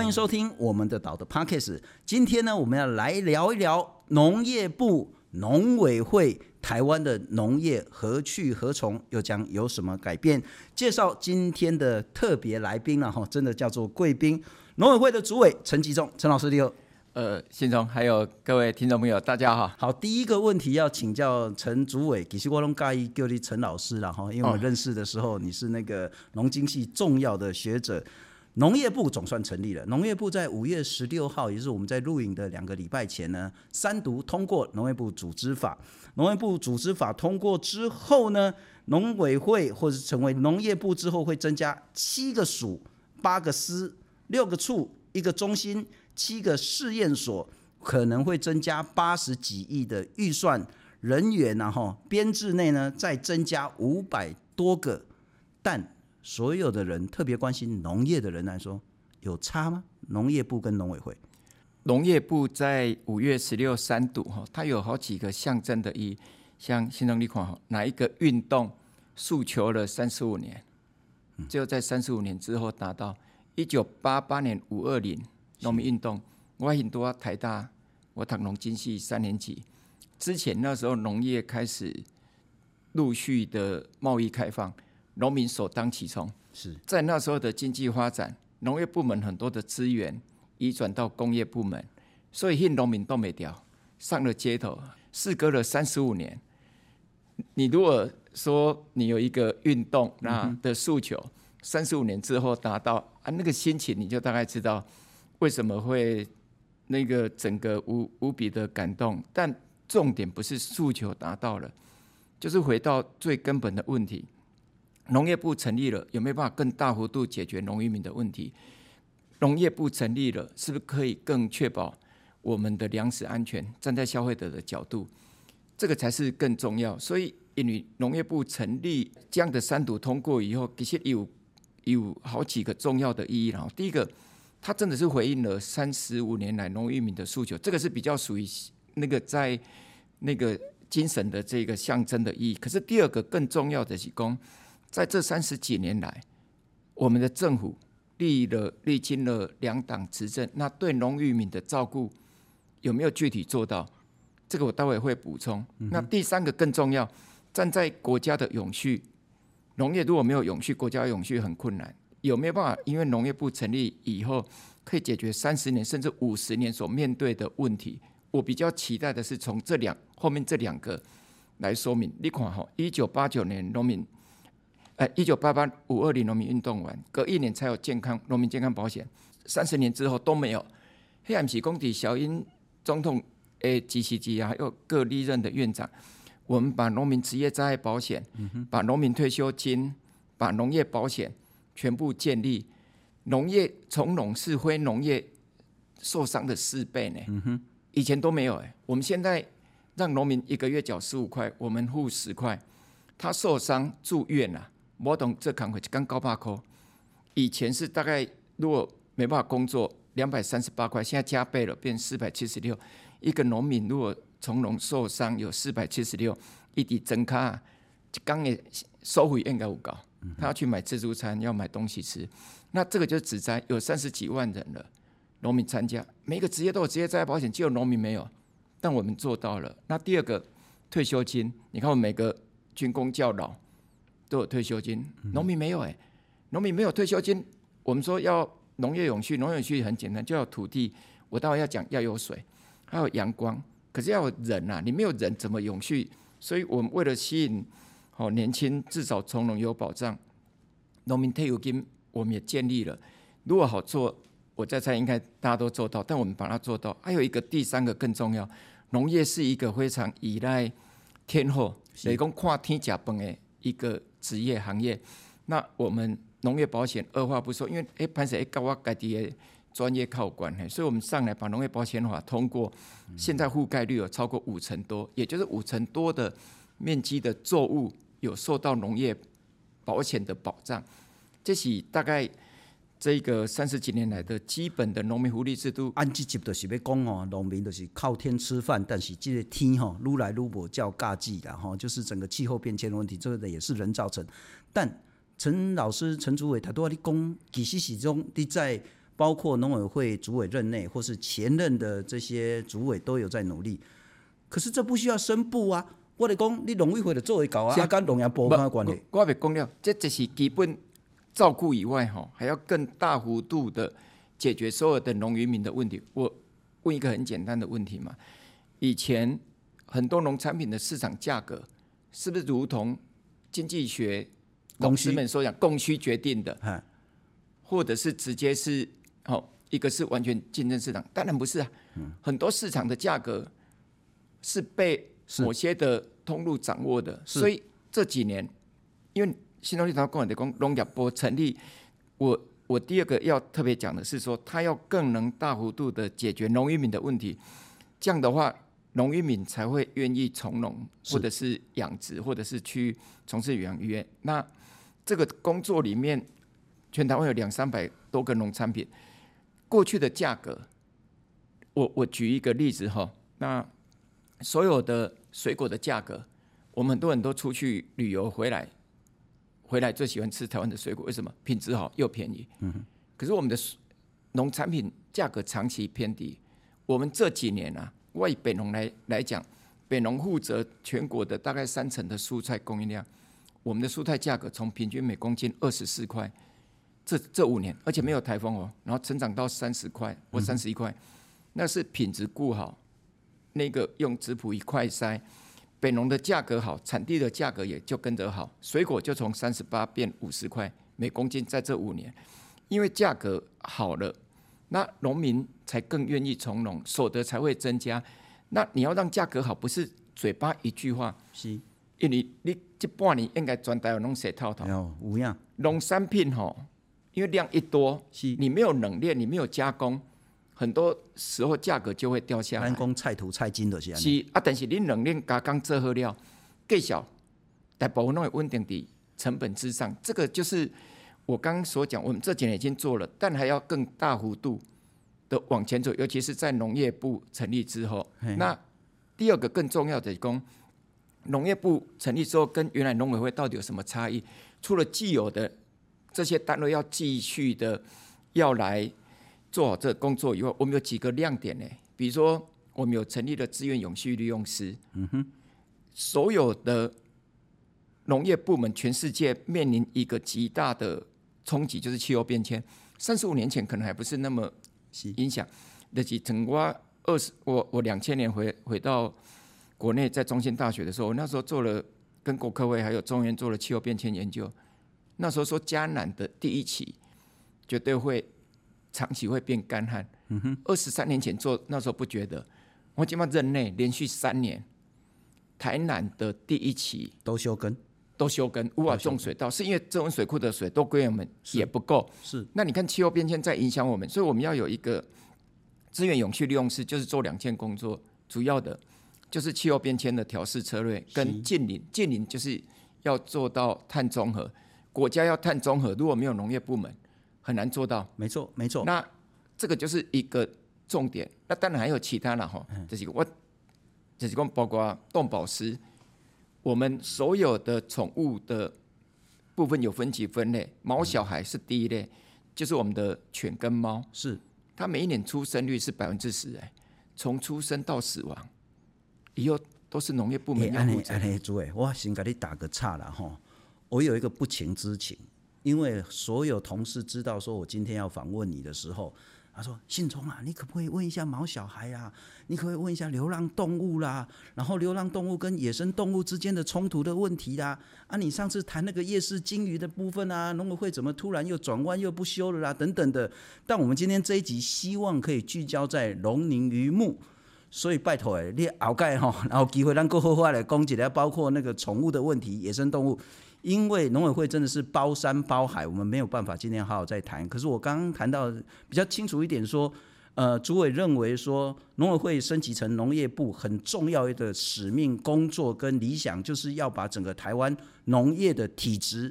歡迎收聽我們的島的 Podcast 今天呢，我們要來聊一聊農業部農委會台灣的農業何去何從，又將有什麼改變？介紹今天的特別來賓了哈，真的叫做貴賓，農委會的主委陳吉仲陳老師，你好。呃，信聰，還有各位聽眾朋友，大家好。好，第一個問題要請教陳主委，其實我都可以叫你陳老師了哈，因為我認識的時候你是那個農經系重要的學者。農業部總算成立了。農業部在五月十六號，也是我們在錄影的兩個禮拜前呢，三讀通過農業部組織法。農業部組織法通過之後呢，農委會或者是成為農業部之後，會增加七個署、八個司、六個處、一個中心、七個試驗所，可能會增加八十幾億的預算，人員然後編制內呢再增加五百多個，但。所有的人特別關心農業的人來說，有差嗎？農業部跟農委會，農業部在五月十六三讀，哈，它有好幾個象徵的，一像新農力款哈，哪一個運動訴求了三十五年，最後、嗯、在三十五年之後達到一九八八年五二零農民運動。是我很多台大，我讀農經系三年級，之前那時候農業開始陸續的貿易開放。農民首當其衝，是在那時候的經濟發展，農業部門很多的資源移轉到工業部門，所以連農民都沒掉，上了街頭，事隔了三十五年。你如果說你有一個運動啊，的訴求，三十五年之後達到啊，那個心情你就大概知道為什麼會那個整個無無比的感動。但重點不是訴求達到了，就是回到最根本的問題。農業部成立了，有沒有辦法更大幅度解決農漁民的問題？農業部成立了，是不是可以更確保我們的糧食安全？站在消費者的角度，這個才是更重要。所以，因為農業部成立這樣的三讀通過以後，其實有有好幾個重要的意義。然後，第一個，它真的是回應了三十五年來農漁民的訴求，這個是比較屬於那個在那個精神的這個象徵的意義。可是，第二個更重要的是，是公。在這三十幾年來，我們的政府立了歷經了兩黨執政，那對農漁民的照顧有沒有具體做到？這個我待會會補充。那第三個更重要，站在國家的永續，農業如果沒有永續，國家永續很困難。有沒有辦法？因為農業部成立以後，可以解決三十年甚至五十年所面對的問題。我比較期待的是從這兩後面這兩個來說明。你看哈、哦，一九八九年農民。哎，一九八八五二零農民運動完，隔一年才有健康農民健康保險，三十年之後都沒有。黑暗起工底小英總統哎，吉起吉啊，有各歷任的院長，我們把農民職業災害保險，嗯、哼把農民退休金，把農業保險全部建立，農業從農事非農業受傷的四倍呢，嗯、哼以前都沒有，我們現在讓農民一個月繳十五塊，我們付十塊，他受傷住院啊。我懂這港一剛九百塊，以前是大概如果沒辦法工作，兩百三十八塊，現在加倍了，變四百七十六。一個農民如果從農受傷，有四百七十六，一滴增卡，剛也收回應該有夠，他要去買自助餐，要買東西吃，那這個就是職災，有三十幾萬人了，農民參加，每個職業都有職業災害保險，只有農民沒有，但我們做到了。那第二個退休金，你看我每個軍公教勞，都有退休金，農民沒有哎、欸，農民沒有退休金。我們說要農業永續，農業永續很簡單，就要土地。我待會要講要有水，還有陽光，可是要有人吶、啊，你沒有人怎麼永續？所以，我們為了吸引好年輕，至少從農有保障，農民退休金我們也建立了。如果好做，我再猜應該大家都做到，但我們把它做到。還有一個第三個更重要，農業是一個非常依賴天候，等於是看天吃飯的。一個職業行業，那我們農業保險二話不說，因為哎潘水哎高阿改的專業靠官，所以我們上來把農業保險法通過，現在覆蓋率有超過五成多，也就是五成多的面積的作物有受到農業保險的保障，這是大概。這個三十幾年來的基本的農民福利制度，按這集就是要講哦，農民就是靠天吃飯，但是這個天哈、哦，越來越叫嘎計的哈，就是整個氣候變遷的問題，這個也是人造成。但陳老師、陳主委他都少的功，其實始終的在包括農委會主委任內或是前任的這些主委都有在努力。可是這不需要升部啊，我的功，你農委會的就做得到是，啊，跟農業部沒關係。我別講了，這就是基本。照顧以外，哈，還要更大幅度的解決所有的農漁民，民的問題。我問一個很簡單的問題嘛：以前很多農產品的市場價格，是不是如同經濟學老師們所講，供需決定的？嗯需，或者是直接是，好，一個是完全競爭市場，當然不是啊。很多市場的價格是被某些的通路掌握的，所以這幾年因為。新農集團、公有的工，農業部成立我，我我第二個要特別講的是說，它要更能大幅度的解決農漁民的問題，這樣的話，農漁民才會願意從農，或者是養殖，或者是去從事養魚。那這個工作裡面，全台灣有兩三百多個農產品，過去的價格，我我舉一個例子哈，那所有的水果的價格，我們很多人都出去旅遊回來。回來最喜歡吃台灣的水果，為什麼？品質好又便宜。可是我們的農產品價格長期偏低。我們這幾年啊，為北農來來講，北農負責全國的大概三成的蔬菜供應量。我們的蔬菜價格從平均每公斤二十四塊，這這五年，而且沒有台風哦、喔，然後成長到三十塊或三十一塊，嗯、那是品質顧好。那個用質樸一塊塞。北農的價格好，產地的價格也就跟着好。水果就從三十八變五十塊每公斤，在這五年，因為價格好了，那農民才更願意從農，所得才會增加。那你要讓價格好，不是嘴巴一句話。是，因為你這半年應該專帶弄誰套套？哦用，農產品好，因為量一多，是，你沒有冷鏈，你沒有加工。很多時候價格就會掉下來。人工、菜土、菜金這些。是啊，但是你冷鏈加工這顆料計小，但保證那個穩定的成本之上，這個就是我剛剛所講，我們這幾年已經做了，但還要更大幅度的往前走，尤其是在農業部成立之後。嘿 那第二個更重要的，講農業部成立之後跟原來農委會到底有什麼差異？除了既有的這些單位要繼續的要來。做好這個工作以後，我們有幾個亮點呢？比如說，我們有成立的資源永續利用司。嗯哼，所有的農業部門，全世界面臨一個極大的衝擊，就是氣候變遷。三十五年前可能還不是那麼影響。那幾是，整個二十，我我兩千年回回到國內，在中心大學的時候，那時候做了跟國科會還有中原做了氣候變遷研究。那時候說，江南的第一期絕對會。長期會變乾旱。嗯哼。二十三年前做，那時候不覺得，我今嘛任內連續三年，台南的第一期都休耕，都休耕無法種水稻，是因為曾文水庫的水都歸我們是也不夠。是。那你看氣候變遷在影響我們，所以我們要有一個資源永續利用司，就是做兩件工作，主要的就是氣候變遷的調適策略跟建林，建是林就是要做到碳中和，國家要碳中和，如果沒有農業部門。很難做到，沒錯，沒錯。那這個就是一個重點。那當然還有其他了哈，這幾個我就是個、就是、包括動保司，我們所有的寵物的部分有分級分類，毛小孩是第一類，嗯、就是我們的犬跟貓，是它每一年出生率是百分之十誒，從、欸、出生到死亡以後都是農業部門要負責。哎做、欸。主委，我先跟你打個岔了哈，我有一個不情之請。因為所有同事知道說我今天要訪問你的時候，他說：“信聰啊，你可不可以問一下毛小孩啊？你可不可以問一下流浪動物啦、啊？然後流浪動物跟野生動物之間的衝突的問題啦、啊。」啊，你上次談那個夜市金魚的部分啊，農委會怎麼突然又轉彎又不修了啦、啊？等等的。但我們今天這一集希望可以聚焦在農林漁牧，所以拜託誒，你鰲蓋哈，然後機會讓過後話來攻擊，來包括那個寵物的問題、野生動物。”因為農委會真的是包山包海，我們沒有辦法今天好好再談。可是我剛剛談到比較清楚一點，說，呃，主委認為說，農委會升級成農業部很重要的使命工作跟理想，就是要把整個台灣農業的體質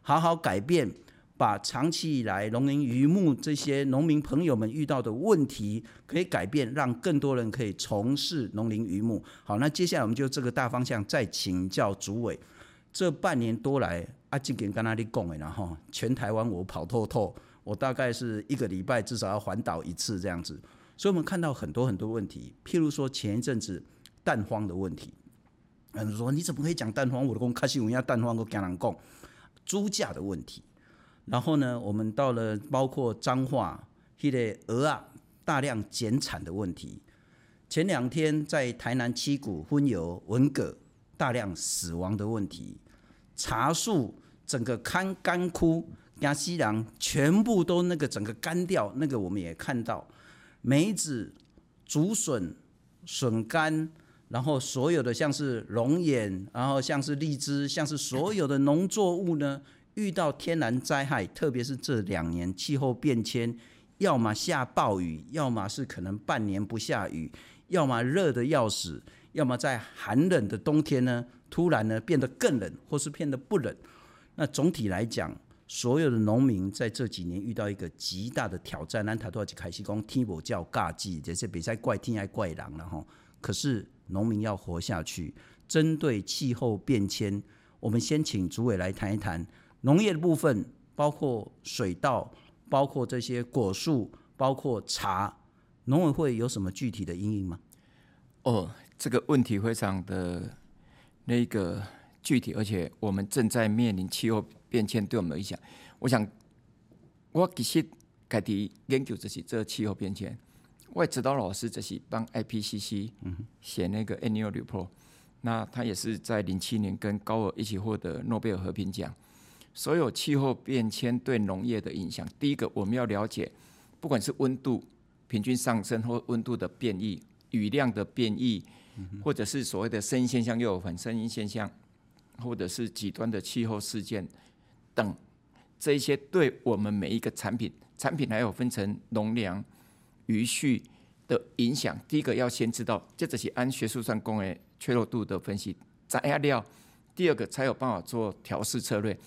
好好改變，把長期以來農林漁牧這些農民朋友們遇到的問題可以改變，讓更多人可以從事農林漁牧。好，那接下來我們就這個大方向再請教主委。這半年多來，阿吉跟甘那哩講，然後全台灣我跑透透，我大概是一個禮拜至少要環島一次這樣子，所以我們看到很多很多問題，譬如說前一陣子蛋荒的問題，有人說你怎麼可以講蛋荒？我公卡西我亞蛋荒個講人講，豬價的問題，然後呢，我們到了包括彰化，伊的鵝啊大量減產的問題，前兩天在台南七股昏油文蛤大量死亡的問題。茶樹整個乾乾枯，加西蘭全部都那個整個乾掉，那個我們也看到，梅子、竹筍、筍乾，然後所有的像是龍眼，然後像是荔枝，像是所有的農作物呢，遇到天然災害，特別是這兩年氣候變遷，要麼下暴雨，要麼是可能半年不下雨，要麼熱的要死，要麼在寒冷的冬天呢，突然呢，變得更冷，或是變得不冷。那總體來講，所有的農民在這幾年遇到一個極大的挑戰。安他都要講，凱西講天不叫尬季，這些比賽怪天還怪狼了哈。可是農民要活下去，針對氣候變遷，我們先請主委來談一談農業的部分，包括水稻，包括這些果樹，包括茶，農委會有什麼具體的因應嗎？哦，這個問題非常的。那個具體，而且我們正在面臨氣候變遷對我們的影響。我想，我其實解題研究這些這氣候變遷，我也指導老師這些幫 IPCC 寫那個 annual report。那他也是在零七年跟高爾一起獲得諾貝爾和平獎。所有氣候變遷對農業的影響，第一個我們要了解，不管是溫度平均上升或溫度的變異、雨量的變異或者是所謂的聖嬰現象，又有反聖嬰現象，或者是極端的氣候事件等，這一些對我們每一個產品，產品還有分成農糧、漁畜的影響。第一個要先知道，這只是按學術上講的脆弱度的分析，再下掉；第二個才有辦法做調適策略。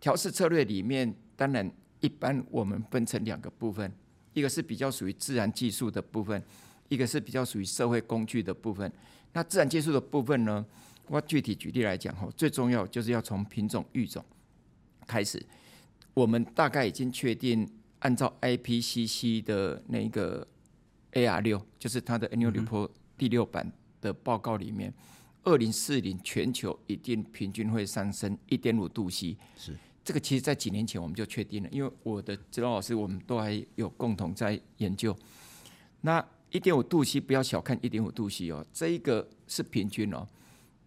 調適策略裡面，當然一般我們分成兩個部分，一個是比較屬於自然技術的部分。一個是比較屬於社會工具的部分，那自然技術的部分呢？我具體舉例來講哦，最重要就是要從品種育種開始。我們大概已經確定，按照 IPCC 的那個 AR 六，就是它的 Annual Report、嗯、哼第六版的報告裡面，二零四零全球一定平均會上升一點五度 C 是。是這個，其實，在幾年前我們就確定了，因為我的指導老師，我們都還有共同在研究。那一點五度 C，不要小看一點五度 C 哦，這一個是平均哦。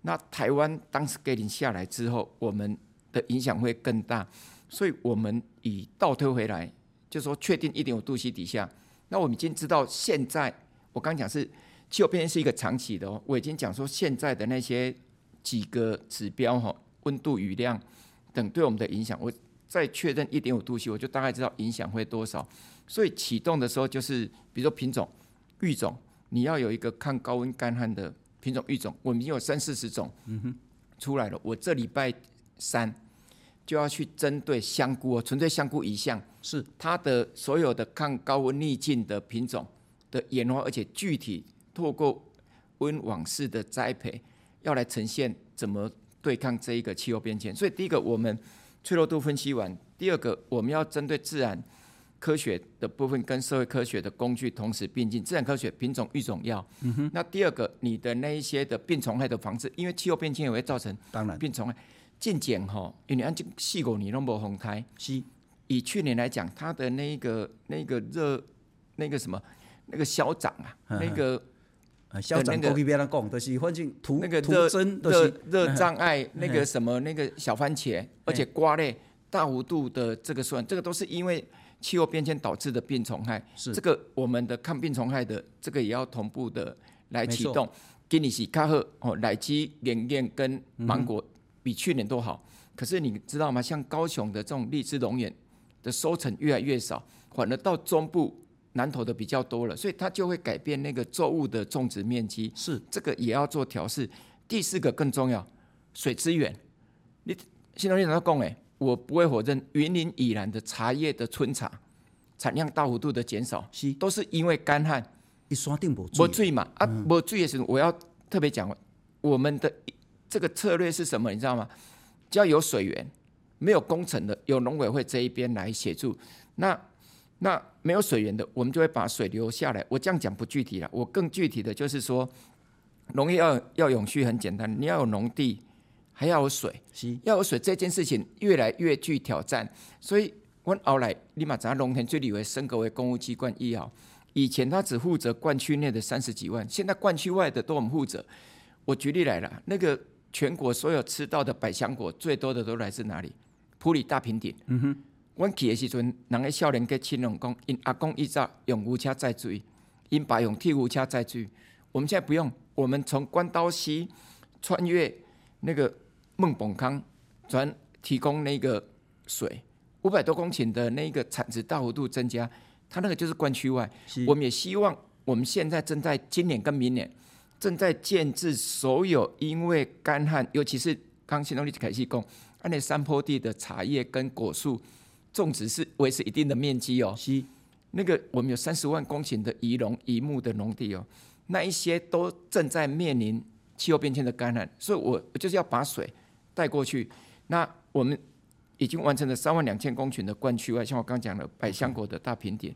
那台灣當時給 e 下來之後，我們的影響會更大，所以我們以倒推回來，就說確定一點五度 C 底下，那我們已經知道現在我剛講是氣候變遷是一個長期的哦。我已經講說，現在的那些幾個指標哈、哦，溫度、雨量等對我們的影響，我再確認一點五度 C，我就大概知道影響會多少。所以啟動的時候就是，比如說品種。育種，你要有一個抗高溫乾旱的品種育種，我們已經有三四十種出來了。我這禮拜三就要去針對香菇哦。純粹香菇一項是它的所有的抗高溫逆境的品種的演化，而且具體透過溫網式的栽培，要來呈現怎麼對抗這一個氣候變遷。所以第一個我們脆弱度分析完，第二個我們要針對自然。科學的部分跟社會科學的工具同時並進，自然科學品種育種藥，那第二個你的那一些的病蟲害的防治，因為氣候變遷也會造成，當然病蟲害，近檢吼，因為你按這個細果你都無紅開，是，以去年來講，它的那個那個熱那個什麼那個消長啊，那個消長，那個別人講都是環境土那個土真都是熱障礙，那個什麼那個小番茄，而且瓜類大幅度的這個衰，這個都是因為。氣候變遷導致的病蟲害，是這個我們的抗病蟲害的這個也要同步的來啟動沒錯。今年是卡好齁，奶基、蓮葉跟芒果比去年都好。嗯嗯可是你知道嗎？像高雄的這種荔枝龍眼的收成越來越少，反而到中部南投的比較多了，所以它就會改變那個作物的種植面積。是這個也要做調適。第四個更重要，水資源。你現在你怎麼講誒。我不會否認，雲林以南的茶葉的春茶產量大幅度的減少，是都是因為乾旱。一山頂沒水嘛、嗯、啊，不也是。我要特別講，我們的這個策略是什麼，你知道嗎？只要有水源，沒有工程的，有農委會這一邊來協助。那那沒有水源的，我們就會把水留下來。我這樣講不具體了，我更具體的就是說，農業要要永續很簡單，你要有農地。還要有水，是，要有水這件事情越來越具挑戰，所以我們後來你嘛知，農田水利會升格為公務機關一號。以前他只負責灌區內的三十幾萬，現在灌區外的都我們負責。我舉例來啦，那個全國所有吃到的百香果最多的都來自哪裡？埔里大坪頂。嗯哼，我們去的時陣，人家少年跟青龍講，因阿公一早用烏車載水，因爸用替烏車載水。我們現在不用，我們從關刀溪穿越那個。孟邦康轉提供那個水，五百多公頃的那個產值大幅度增加，他那個就是灌區外。是我們也希望，我們現在正在今年跟明年正在建置所有因為乾旱，尤其是剛新東力開始講，那山坡地的茶葉跟果樹種植是維持一定的面積哦。是那個我們有三十萬公頃的宜農宜牧的農地哦，那一些都正在面臨氣候變遷的乾旱，所以我就是要把水。帶過去，那我們已經完成了三萬兩千公頃的灌區外，像我剛講的百香果的大平點，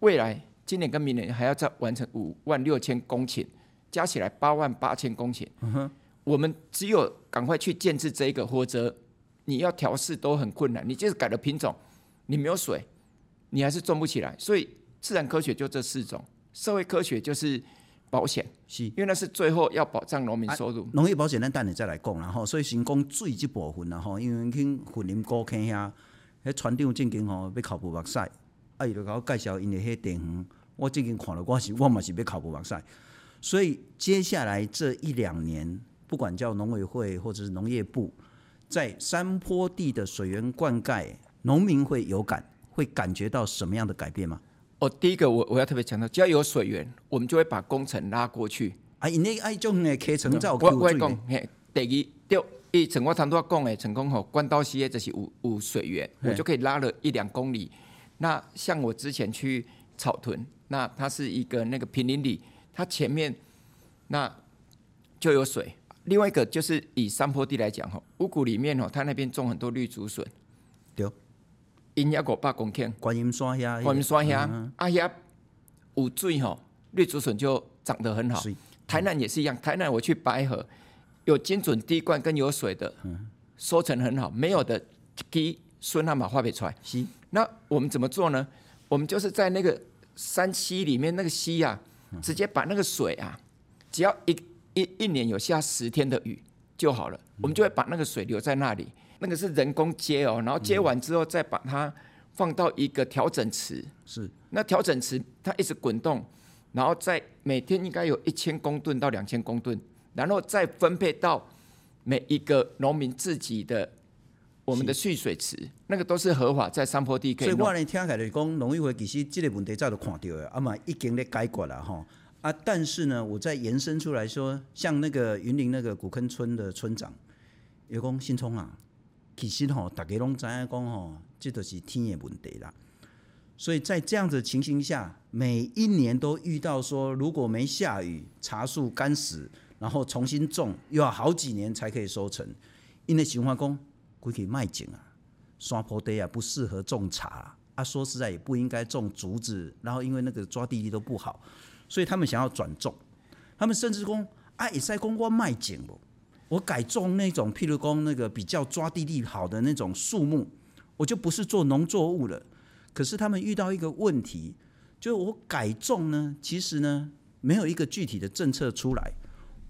未來今年跟明年還要再完成五萬六千公頃，加起來八萬八千公頃。嗯哼。我們只有趕快去建置這一個，或者你要調適都很困難。你就是改了品種，你沒有水，你還是種不起來。所以自然科學就這四種，社會科學就是。保險是，因為那是最後要保障農民收入。農、啊、業保險，那等你再來講了哈。所以先講水這部分了哈，因為去雲林高坑呀，那船長最近吼，要考不目曬。哎，就搞介紹因的迄電，我最近看了我，我是我嘛是要考不目曬。所以接下來這一兩年，不管叫農委會或者是農業部，在山坡地的水源灌溉，農民會有感，會感覺到什麼樣的改變嗎？我第一個，我我要特別強調，只要有水源，我們就會把工程拉過去。啊，因那愛種的課程照供。不會供，等於掉一整個長度要供哎，成功吼，關刀溪就是有有水源，我就可以拉了一兩公里。那像我之前去草屯，那它是一個那個平林里，它前面那就有水。另外一個就是以山坡地來講吼，五穀裡面吼，它那邊種很多綠竹筍，丟。因也五百公頃，觀音山下，觀音山下阿爺有水吼、喔，綠竹筍就長得很好。水台南也是一樣，嗯、台南我去白河，有精準滴灌跟有水的，收成很好。沒有的滴，孫漢媽畫筆出來。行是，那我們怎麼做呢？我們就是在那個山溪裡面，那個溪啊，直接把那個水啊，只要一一一年有下十天的雨就好了，嗯、我們就會把那個水留在那裡。那個是人工接哦，然後接完之後再把它放到一個調整池，是那調整池它一直滾動，然後再每天應該有一千公噸到兩千公噸，然後再分配到每一個農民自己的我們的蓄水池，是那個都是合法在山坡地可以。所以我那天講的公農委會其實這類問題早就看到了，啊嘛已經在解決了哈啊，但是呢，我再延伸出來說，像那個雲林那個古坑村的村長員工信聰啊。其實吼，大家攏知影講吼，這就是天的問題啦。所以在這樣的情形下，每一年都遇到說，如果沒下雨，茶樹乾死，然後重新種又要好幾年才可以收成說。因為徐文光過去賣井啊，山坡地啊不適合種茶啊。說實在也不應該種竹子，然後因為那個抓地力都不好，所以他們想要轉種。他們甚至講，哎、啊，蔡公我賣井我改種那種，譬如說那個比較抓地力好的那種樹木，我就不是做農作物了。可是他們遇到一個問題，就是我改種呢，其實呢沒有一個具體的政策出來。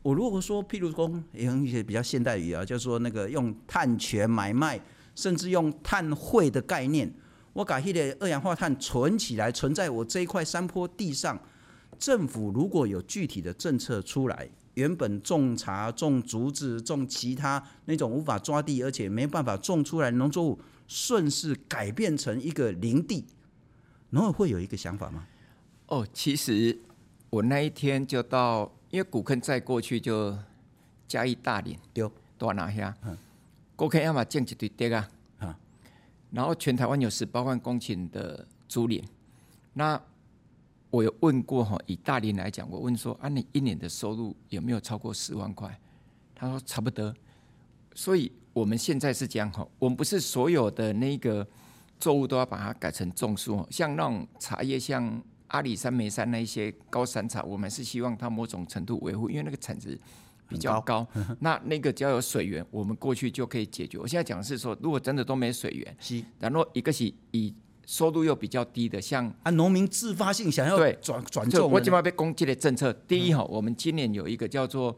我如果說，譬如說也用一些比較現代語啊，就是說那個用碳權買賣，甚至用碳匯的概念，我把一些二氧化碳存起來，存在我這一塊山坡地上，政府如果有具體的政策出來。原本種茶、種竹子、種其他那種無法抓地，而且沒辦法種出來農作物，順勢改變成一個林地，農委會有一個想法嗎？哦，其實我那一天就到，因為古坑再過去就嘉義大林丟大拿下。對嗯，古坑要嘛經濟對跌啊，啊、嗯，然後全台灣有十八萬公頃的竹林，那。我有問過哈，以大林來講，我問說啊，你一年的收入有沒有超過十萬塊？他說差不多。所以我們現在是這樣哈，我們不是所有的那個作物都要把它改成種樹啊。像那種茶葉，像阿里山、眉山那一些高山茶，我們是希望它某種程度維護，因為那個產值比較高。很高，那那個只要有水源，我們過去就可以解決。我現在講的是說，如果真的都沒水源，是然後一個是以。收入又比較低的，像啊，農民自發性想要轉轉種，就我今嘛被攻擊的政策。嗯、第一哈，我們今年有一個叫做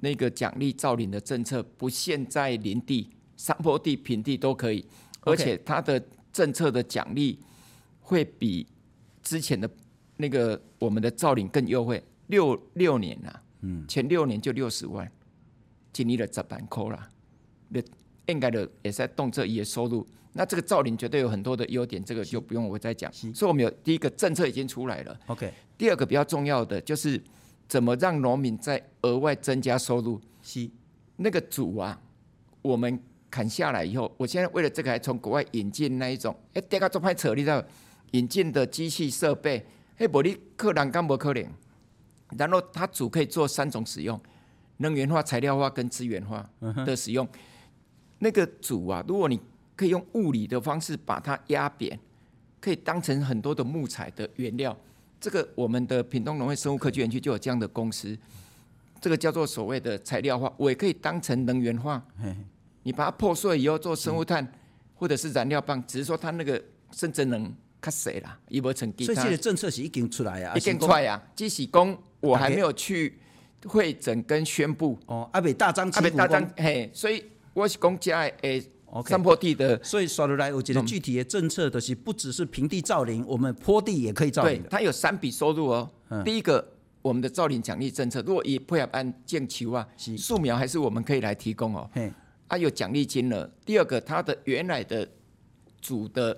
那個獎勵造林的政策，不限在林地、山坡地、平地都可以，而且它的政策的獎勵會比之前的那個我們的造林更優惠。六六年了、啊、嗯，前六年就六十萬，今年的十萬塊了。那應該的也在動一筆收入。那這個造林絕對有很多的優點，是這個就不用我再講。是所以，我們有第一個政策已經出來了。OK。第二個比較重要的就是怎麼讓農民再額外增加收入。是。那個竹啊，我們砍下來以後，我現在為了這個還從國外引進那一種，哎，得個做拍扯你知道，引進的機器設備，嘿，無你客人干無可能。然後，它竹可以做三種使用：能源化、材料化跟資源化的使用。Uh huh. 那個竹啊，如果你可以用物理的方式把它壓扁，可以當成很多的木材的原料。這個我們的屏東農業生物科技園區就有這樣的公司。這個叫做所謂的材料化，我也可以當成能源化。你把它破碎以後做生物炭，或者是燃料棒，只是說它那個甚至能卡死啦沒了，伊無成。所以現在政策是已經出來啊，一根快啊。即使公我還沒有去會整跟宣布哦，阿北大張旗鼓阿北大張嘿，所以我是公家誒。欸山 Okay, 坡地的，所以說得來，我覺得具體的政策的是不只是平地造林，我們坡地也可以造林。對，它有三筆收入哦。嗯，第一個，我們的造林獎勵政策，如果以坡崖班建球，啊，樹苗是還是我們可以來提供哦。嗯是，還、啊、有獎勵金額。第二個，它的原來的主的，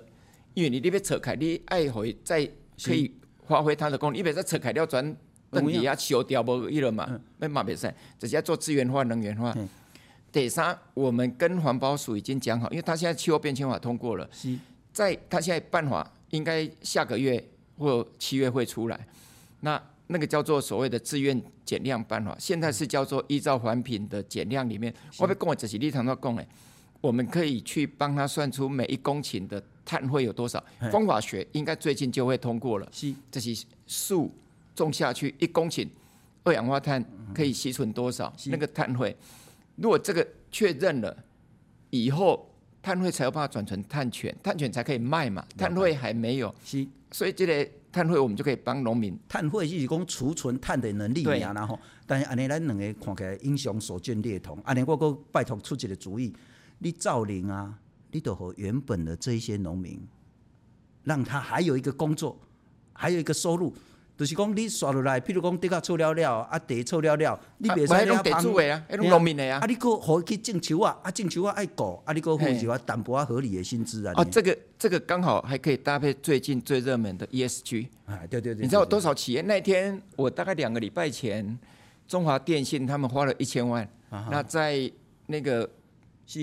因為你那邊扯開，你愛回再可以發揮它的功能，你比如說扯開要轉等底下修掉不一了嘛，別麻煩噻，直接做資源化、能源化。第三，我們跟環保署已經講好，因為他現在氣候變遷法通過了，在他是現在辦法應該下個月或七月會出來。那那個叫做所謂的自願減量辦法，現在是叫做依照環評的減量裡面，是我被跟我這些立場的工誒，我們可以去幫他算出每一公頃的碳匯有多少。方法嘿學應該最近就會通過了。這些樹種下去一公頃，二氧化碳可以吸存多少？嗯、哼那個碳匯。如果這個確認了以後，碳匯才有辦法轉成碳權，碳權才可以賣嘛。碳匯還沒有，是所以這個碳匯我們就可以幫農民。碳匯就是講儲存碳的能力嘛對，然後，但是安你咱兩個看起來英雄所見略同，安你我哥拜託出幾個主意，你造林啊，你都和原本的這一些農民，讓他還有一個工作，還有一個收入。就是講你刷落來，譬如講第個錯了了，啊第錯了了，你袂使啊。唔係，攏的啊？哎、啊，攏農民嚟啊，啊。啊，你佫好去種樹啊？啊，種樹啊愛搞，啊，你佫可以話淡薄啊合理的薪資啊。哦，這個這個剛好還可以搭配最近最熱門的 ESG。啊，對對對。你知道多少企業？是那天我大概兩個禮拜前，中華電信他們花了一千萬，啊、哈那在那個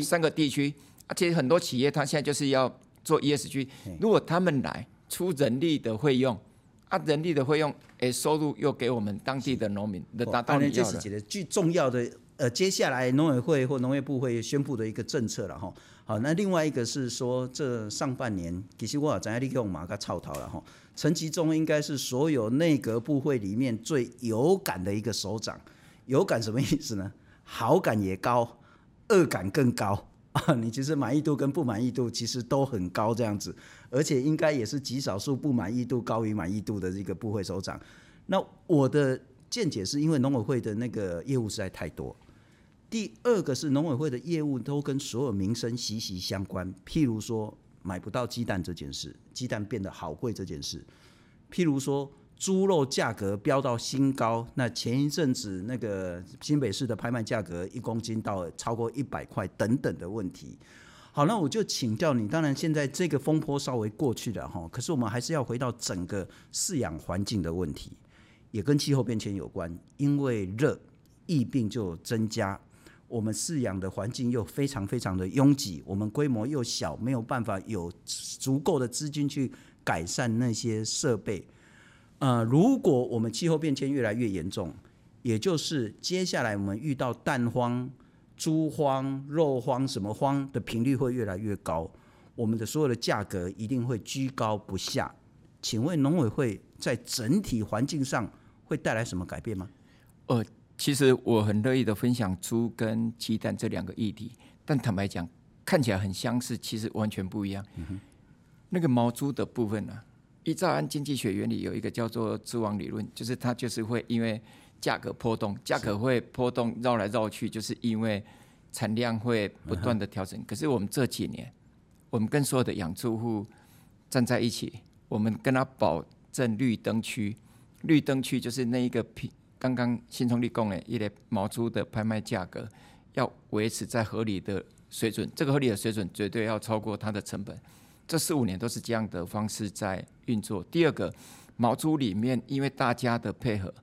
三個地區，而且是、啊、很多企業他現在就是要做 ESG，欸、如果他們來出人力的費用。啊，人力的費用，哎，收入又給我們當地的農民，那當然一樣的。最重要的，呃，接下來農委會或農業部會宣布的一個政策了吼。好，那另外一個是說，這上半年其實我仔阿弟用馬卡操逃了吼。陳吉仲，應該是所有內閣部會裡面最有感的一個首長。有感什麼意思呢？好感也高，惡感更高啊！你其實滿意度跟不滿意度其實都很高，這樣子。而且應該也是極少數不滿意度高於滿意度的這個部會首長。那我的見解是因為農委會的那個業務實在太多。第二個是農委會的業務都跟所有民生息息相關，譬如說買不到雞蛋這件事，雞蛋變得好貴這件事，譬如說豬肉價格飆到新高，那前一陣子那個新北市的拍賣價格一公斤到超過一百塊等等的問題。好，那我就請教你。當然，現在這個風波稍微過去了哈，可是我們還是要回到整個飼養環境的問題，也跟氣候變遷有關。因為熱，疫病就增加。我們飼養的環境又非常非常的擁擠，我們規模又小，沒有辦法有足夠的資金去改善那些設備。呃，如果我們氣候變遷越來越嚴重，也就是接下來我們遇到蛋荒、豬荒、肉荒，什麼荒的頻率會越來越高？我們的所有的價格一定會居高不下。請問農委會在整體環境上會帶來什麼改變嗎？呃，其實我很樂意的分享豬跟雞蛋這兩個議題，但坦白講，看起來很相似，其實完全不一樣。嗯、哼那個毛豬的部分呢、啊，依照按經濟學原理，有一個叫做蛛網理論，就是它就是會因為，價格波動，價格會波動，繞來繞去，是就是因為產量會不斷的調整。嗯、哼可是我們這幾年，我們跟所有的養豬戶站在一起，我們跟他保證綠燈區，綠燈區就是那一個剛剛信聰說的一類毛豬的拍賣價格要維持在合理的水準。這個合理的水準絕對要超過它的成本。這四五年都是這樣的方式在運作。第二個，毛豬裡面因為大家的配合。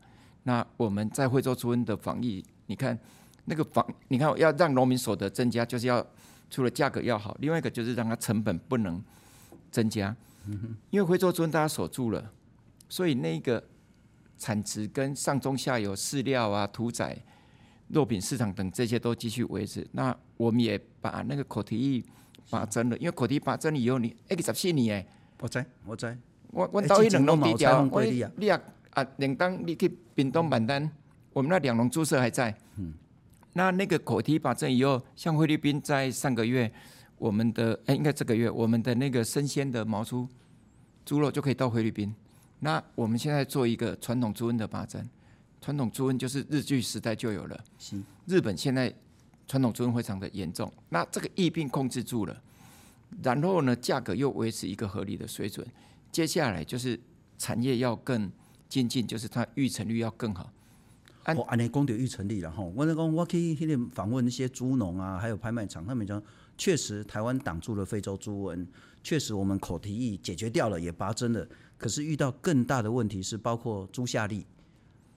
那我們在惠州村的防疫，你看那個防，你看要讓農民所得增加，就是要除了價格要好，另外一個就是讓它成本不能增加。因為惠州村大家守住了，所以那個產值跟上中下游飼料啊、屠宰、肉品市場等這些都繼續維持。那我們也把那個口蹄疫拔針了，因為口蹄拔針了以後你，你 X 十四年哎、欸，我知我知，我到一、欸啊、我到底能弄低調？我你呀。啊，兩檔你去冰凍板單，我們那兩籠注射還在。嗯。那那個口蹄疫拔針以後，像菲律賓在上個月，我們的哎，應該這個月，我們的那個生鮮的毛豬豬肉就可以到菲律賓。那我們現在做一個傳統豬瘟的拔針，傳統豬瘟就是日據時代就有了。行是。日本現在傳統豬瘟非常的嚴重，那這個疫病控制住了，然後呢，價格又維持一個合理的水準，接下來就是產業要更。漸漸就是它育成率要更好。哦，安尼講的育成率了吼，我那公我可以去訪問那些豬農啊，還有拍賣場，他們講確實台灣擋住了非洲豬瘟，確實我們口蹄疫解決掉了，也拔針了。可是遇到更大的問題是，包括豬下痢，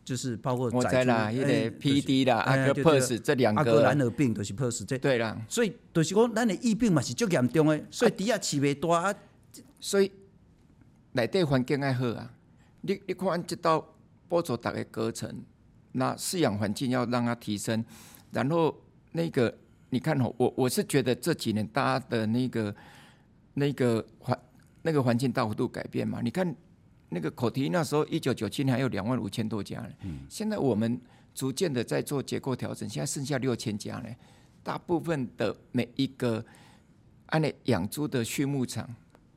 就是包括仔豬、PD 的阿哥 PRRS 這兩個藍耳病都是 PRRS，這對了。所以都是講咱的疫病嘛，是最嚴重誒，所以底下飼袂大啊，所以內底環境還好啊。你你看，這道波佐達的隔層，那飼養環境要讓它提升，然後那個你看哦，我我是覺得這幾年大家的那個那個環那個環境大幅度改變嘛。你看那個口蹄疫那時候一九九七年還有兩萬五千多家呢，嗯、現在我們逐漸的在做結構調整，現在剩下六千家呢，大部分的每一個按那養豬的畜牧場。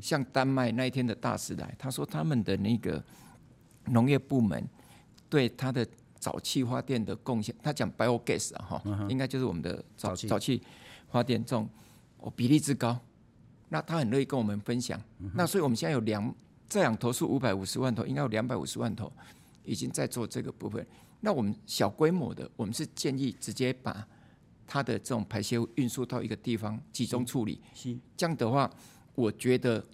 像丹麥那一天的大使來，他說他們的那個農業部門對他的沼氣發電的貢獻，他講 biogas 啊哈，應該就是我們的沼氣沼氣發電中哦比例之高。那他很樂意跟我們分享。嗯、哼那所以我們現在有兩飼養頭數，五百五十萬頭，應該有兩百五十萬頭已經在做這個部分。那我們小規模的，我們是建議直接把它的這種排泄物運輸到一個地方集中處理。是，是這樣的話。我覺得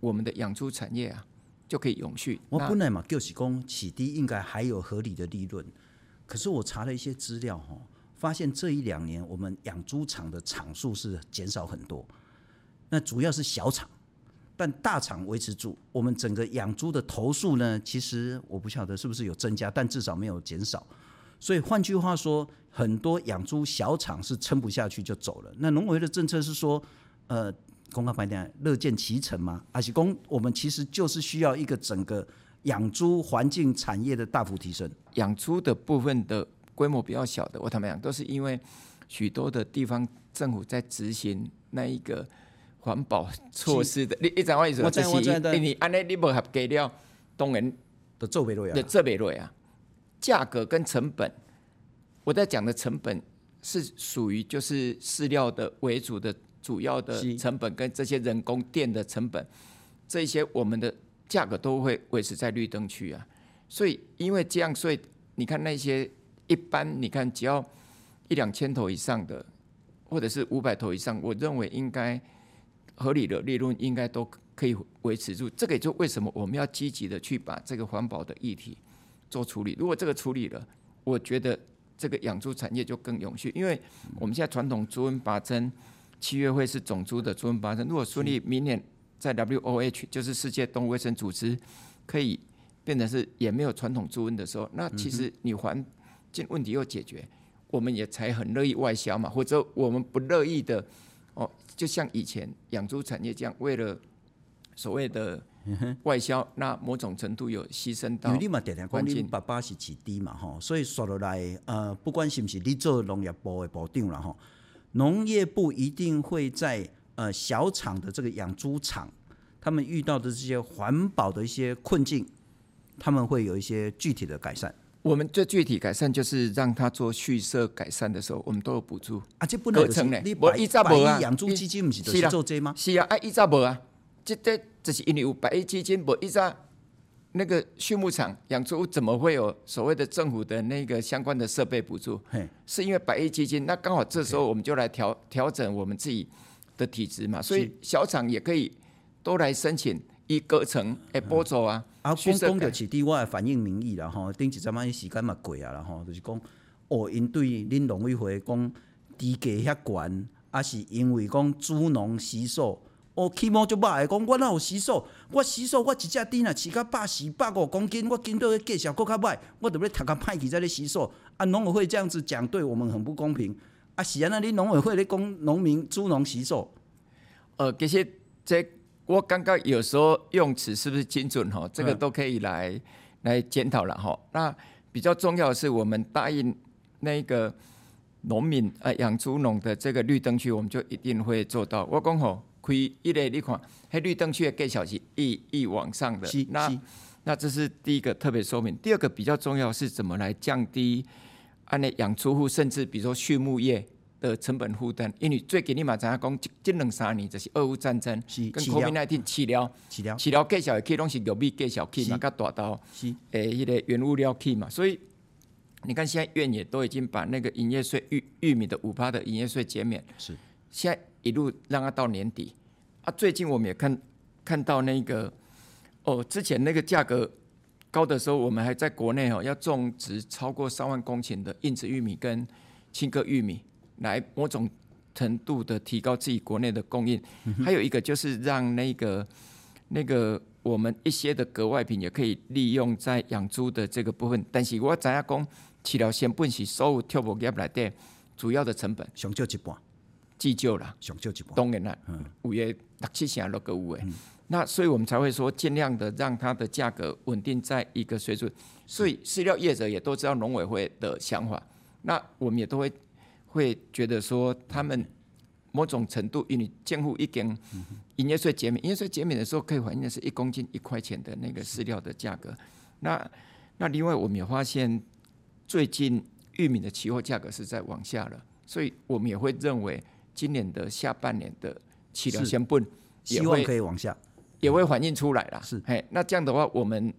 我們的養豬產業啊，就可以永續。我本來嘛，給起工起低應該還有合理的利潤。可是我查了一些資料哦，發現這一兩年我們養豬場的場數是減少很多。那主要是小場，但大場維持住。我們整個養豬的頭數呢，其實我不曉得是不是有增加，但至少沒有減少。所以換句話說，很多養豬小場是撐不下去就走了。那農委的政策是說，呃。公靠排量，樂見其成嗎？還是公？我們其實就是需要一個整個養豬環境產業的大幅提升。養豬的部分的規模比較小的，我坦白講，都是因為許多的地方政府在執行那一個環保措施的。其實，你你講話意思我，我知我知。你安尼你不合格了，當然的做袂落呀，做袂落呀。價格跟成本，我在講的成本是屬於就是飼料的為主的。主要的成本跟這些人工電的成本，這些我們的價格都會維持在綠燈區啊。所以，因為這樣，所以你看那些一般，你看只要一兩千頭以上的，或者是五百頭以上，我認為應該合理的利潤應該都可以維持住。這個也就為什麼我們要積極的去把這個環保的議題做處理。如果這個處理了，我覺得這個養豬產業就更永續，因為我們現在傳統豬瘟拔針。七月份是種豬的豬瘟發生，如果順利，明年在 WOH 就是世界動物衛生組織，可以變成是也沒有傳統豬瘟的時候，那其實你還這問題又解決，我們也才很樂意外銷嘛，或者我們不樂意的，哦，就像以前養豬產業這樣，為了所謂的外銷，那某種程度有犧牲到關鍵，五八八是幾低嘛哈，所以說落來，呃，不管是不是你做農業部的部長了哈。農業部一定會在呃小場的這個養豬場，他們遇到的這些環保的一些困境，他們會有一些具體的改善。我們這具體改善就是讓他做畜舍改善的時候，我們都有補助啊。這不能合成的。我一扎百億養豬基金不是做做這嗎？是啊，啊一扎沒啊，這這就是一年有百億基金沒一扎。那個畜牧場養豬怎麼會有所謂的政府的那個相關的設備補助？哼，是因為百億基金，那剛好這時候我們就來調調整我們自己的體質嘛，所以小廠也可以都來申請，一格層哎補助啊。啊，公公的取締案反映民意了吼，等一陣嘛，時間嘛過了然後，就是講哦，因對恁農委會講低價遐高，啊，是因為講豬農惜售。我起碼就來講我哪有惜售？我惜售，我一隻豬啊，飼到百四百五公斤，我今朝個計數更較壞。我特別談個派去在里惜售，啊，農委會這樣子講，對我們很不公平。啊，顯然你農委會的工農民豬農惜售，呃，其實這我感覺有時候用詞是不是精準吼？這個都可以來來檢討了吼，那比較重要的是，我們答應那個農民啊，養豬農的這個綠燈區，我們就一定會做到。我講吼。虧一類你看，黑綠燈區的價錢是一一往上的。是那是那這是第一個特別說明。第二個比較重要的是怎麼來降低按那養豬戶甚至比如說畜牧業的成本負擔？因為最近你嘛知影講，這這兩三年就是俄烏戰爭，是跟後面那點起了起了，起了價錢的，可以攏是玉米價錢的，的，的，的嘛？噶是大刀誒，迄個原物料起嘛？所以你看現在，院也都已經把那個營業稅玉玉米的五趴的營業稅減免。是現在。一路讓它到年底，啊，最近我們也看看到那個，哦，之前那個價格高的時候，我們還在國內哦，要種植超過三萬公頃的硬質玉米跟青割玉米，來某種程度的提高自己國內的供應。嗯、哼還有一個就是讓那個那個我們一些的格外品也可以利用在養豬的這個部分。但是我怎樣講，飼料成本是所有畜牧業來的主要的成本，上就一半。救啦，積舊了，上年啦，五月、嗯、六七千六個五誒，嗯、那所以我們才會說盡量的讓它的價格穩定在一個水準。所以飼料業者也都知道農委會的想法，嗯、那我們也都會會覺得說，他們某種程度與你政府已經，營業稅減免，營業稅減免的時候可以反映的是一公斤一塊錢的那個飼料的價格。是那那另外我們也發現，最近玉米的期貨價格是在往下了，所以我們也會認為。今年的下半年的七兩千不，也會希望可以往下，也會反映出來啦。嗯、是，哎，那這樣的話，我們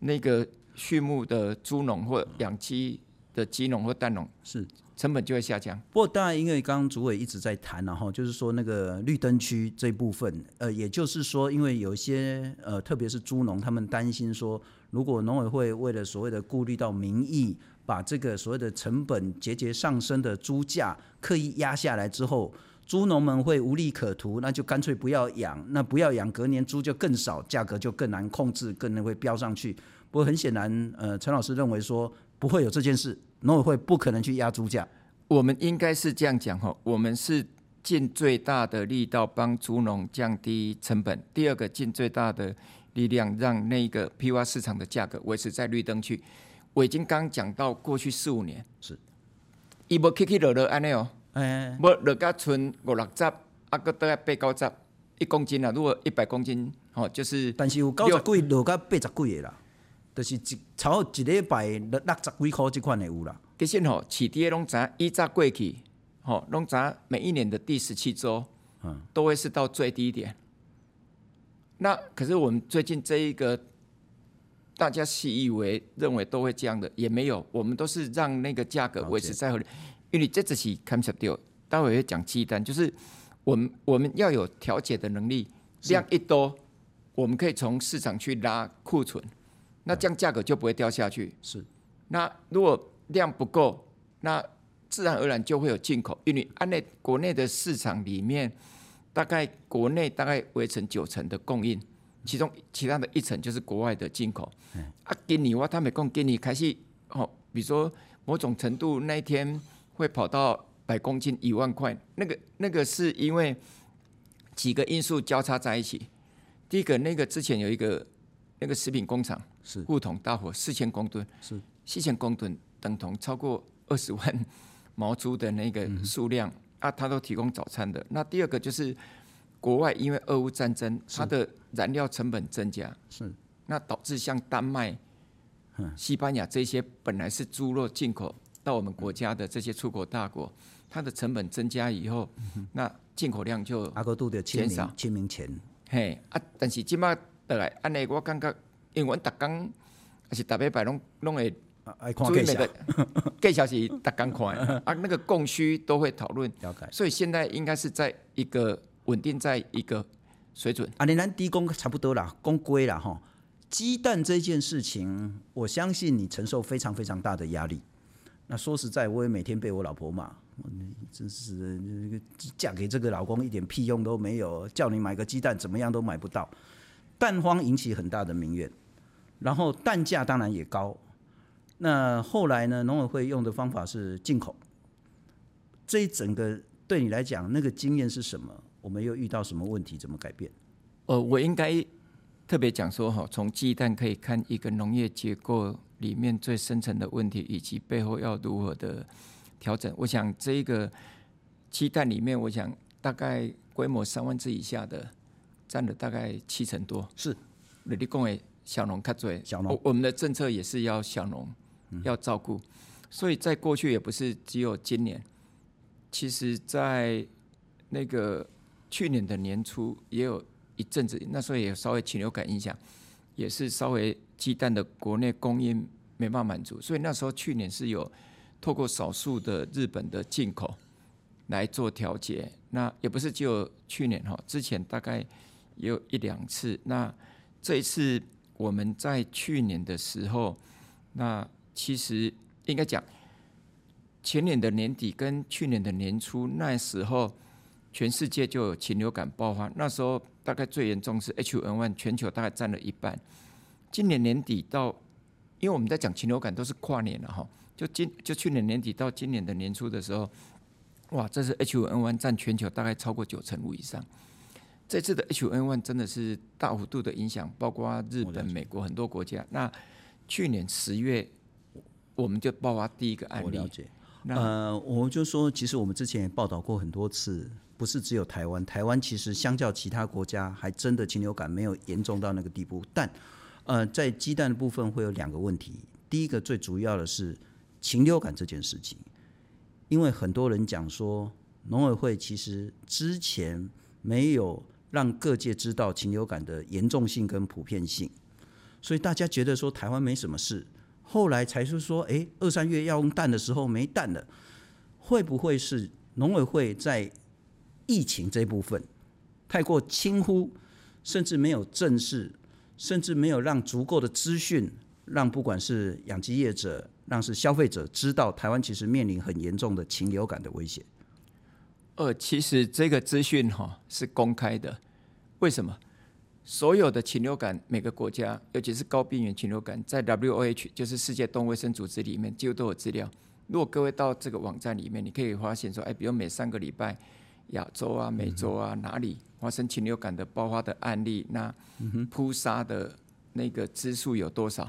那個畜牧的豬農或養雞的雞農或蛋農，是成本就會下降。不過，當然，因為剛剛主委一直在談、啊，然後就是說那個綠燈區這部分，呃，也就是說，因為有些呃，特別是豬農，他們擔心說，如果農委會為了所謂的顧慮到民意。把這個所有的成本節節上升的豬價刻意壓下來之後，豬農們會無利可圖，那就乾脆不要養，那不要養，隔年豬就更少，價格就更難控制，更難會飆上去。不過很顯然，呃，陳老師認為說不會有這件事，農委會不可能去壓豬價。我們應該是這樣講哈，我們是盡最大的力道幫豬農降低成本，第二個盡最大的力量讓那個批發市場的價格維持在綠燈區。我已經剛講到過去四五年是，伊、喔欸欸、要起起落落安尼哦，哎，要落甲剩五六十，啊個得八九十，一公斤啦。如果一百公斤哦、喔，就是 6, 但是有九十幾落甲八十幾的啦，就是一超一禮拜六十幾塊即款的有啦。其實吼，起跌攏知影伊早過去，吼、喔，攏知影每一年的第十七周，嗯，都會是到最低點。那可是我們最近這一個。大家習以為認為都會這樣的，也沒有，我們都是讓那個價格維持在合理。解因為這只是看小掉，待會會講雞蛋，就是我們我們要有調節的能力，是量一多，我們可以從市場去拉庫存，是那這樣價格就不會掉下去。是，那如果量不夠，那自然而然就會有進口。因為按內國內的市場裡面，大概國內大概維持九成的供應。其中其他的一層就是國外的進口，啊，給你話，他每公給你開始哦、喔，比如說某種程度那一天會跑到百公斤一萬塊，那個那個是因為幾個因素交叉在一起。第一個，那個之前有一個那個食品工廠是，貨桶大火四千公噸，是四千公噸等同超過二十萬毛豬的那個數量啊，他都提供早餐的。那第二個就是。國外因為俄烏戰爭，它的燃料成本增加，是，是那導致像丹麥、嗯、西班牙這些本來是豬肉進口到我們國家的這些出口大國，它的成本增加以後，那進口量就減少，阿哥都清明清明前嘿啊！但是即馬來安尼，我感覺英文達剛還是達咩白攏攏會注意的，介紹是達剛款啊，那個供需都會討論，了解。所以現在應該是在一個。穩定在一個水準，啊，阿你蘭低供差不多了，供歸了哈。雞蛋這件事情，我相信你承受非常非常大的壓力。那說實在，我也每天被我老婆罵，我真是嫁給這個老公一點屁用都沒有。叫你買個雞蛋，怎麼樣都買不到。蛋荒引起很大的民怨，然後蛋價當然也高。那後來呢，農委會用的方法是進口。這一整個對你來講，那個經驗是什麼？我們又遇到什麼問題？怎麼改變？呃，我應該特別講說哈，從雞蛋可以看一個農業結構裡面最深層的問題，以及背後要如何的調整。我想這一個雞蛋裡面，我想大概規模三萬隻以下的，佔了大概七成多。是你力共為小農卡嘴，小農，我們的政策也是要小農要照顧，所以在過去也不是只有今年，其實在那個。去年的年初也有一陣子，那時候也稍微禽流感影響，也是稍微雞蛋的國內供應沒辦法滿足，所以那時候去年是有透過少數的日本的進口來做調節。那也不是就去年哈，之前大概也有一兩次。那這一次我們在去年的時候，那其實應該講前年的年底跟去年的年初那時候。全世界就有禽流感爆發，那時候大概最嚴重是 H5N1 全球大概佔了一半。今年年底到，因為我們在講禽流感都是跨年了哈，就今就去年年底到今年的年初的時候，哇，這是 H5N1 佔全球大概超過九成五以上。這次的 H5N1 真的是大幅度的影響，包括日本、美國很多國家。那去年十月，我們就爆發第一個案例。我了解那、呃。我就說，其實我們之前也報道過很多次。不是只有台灣，台灣其實相較其他國家，還真的禽流感沒有嚴重到那個地步。但，呃，在雞蛋的部分會有兩個問題。第一個最主要的是禽流感這件事情，因為很多人講說，農委會其實之前沒有讓各界知道禽流感的嚴重性跟普遍性，所以大家覺得說台灣沒什麼事。後來才是說，哎、欸，二三月要用蛋的時候沒蛋了，會不會是農委會在？疫情這一部分太過輕忽，甚至沒有正視，甚至沒有讓足夠的資訊，讓不管是養殖業者，讓是消費者知道，台灣其實面臨很嚴重的禽流感的威脅。呃，其實這個資訊哈是公開的，為什麼？所有的禽流感，每個國家，尤其是高病原禽流感，在 WOAH，就是世界動物衛生組織裡面就都有資料。如果各位到這個網站裡面，你可以發現說，哎，比如每三個禮拜。亞洲啊，美洲啊，哪裡發生禽流感的爆發的案例？那撲殺的那個隻數有多少？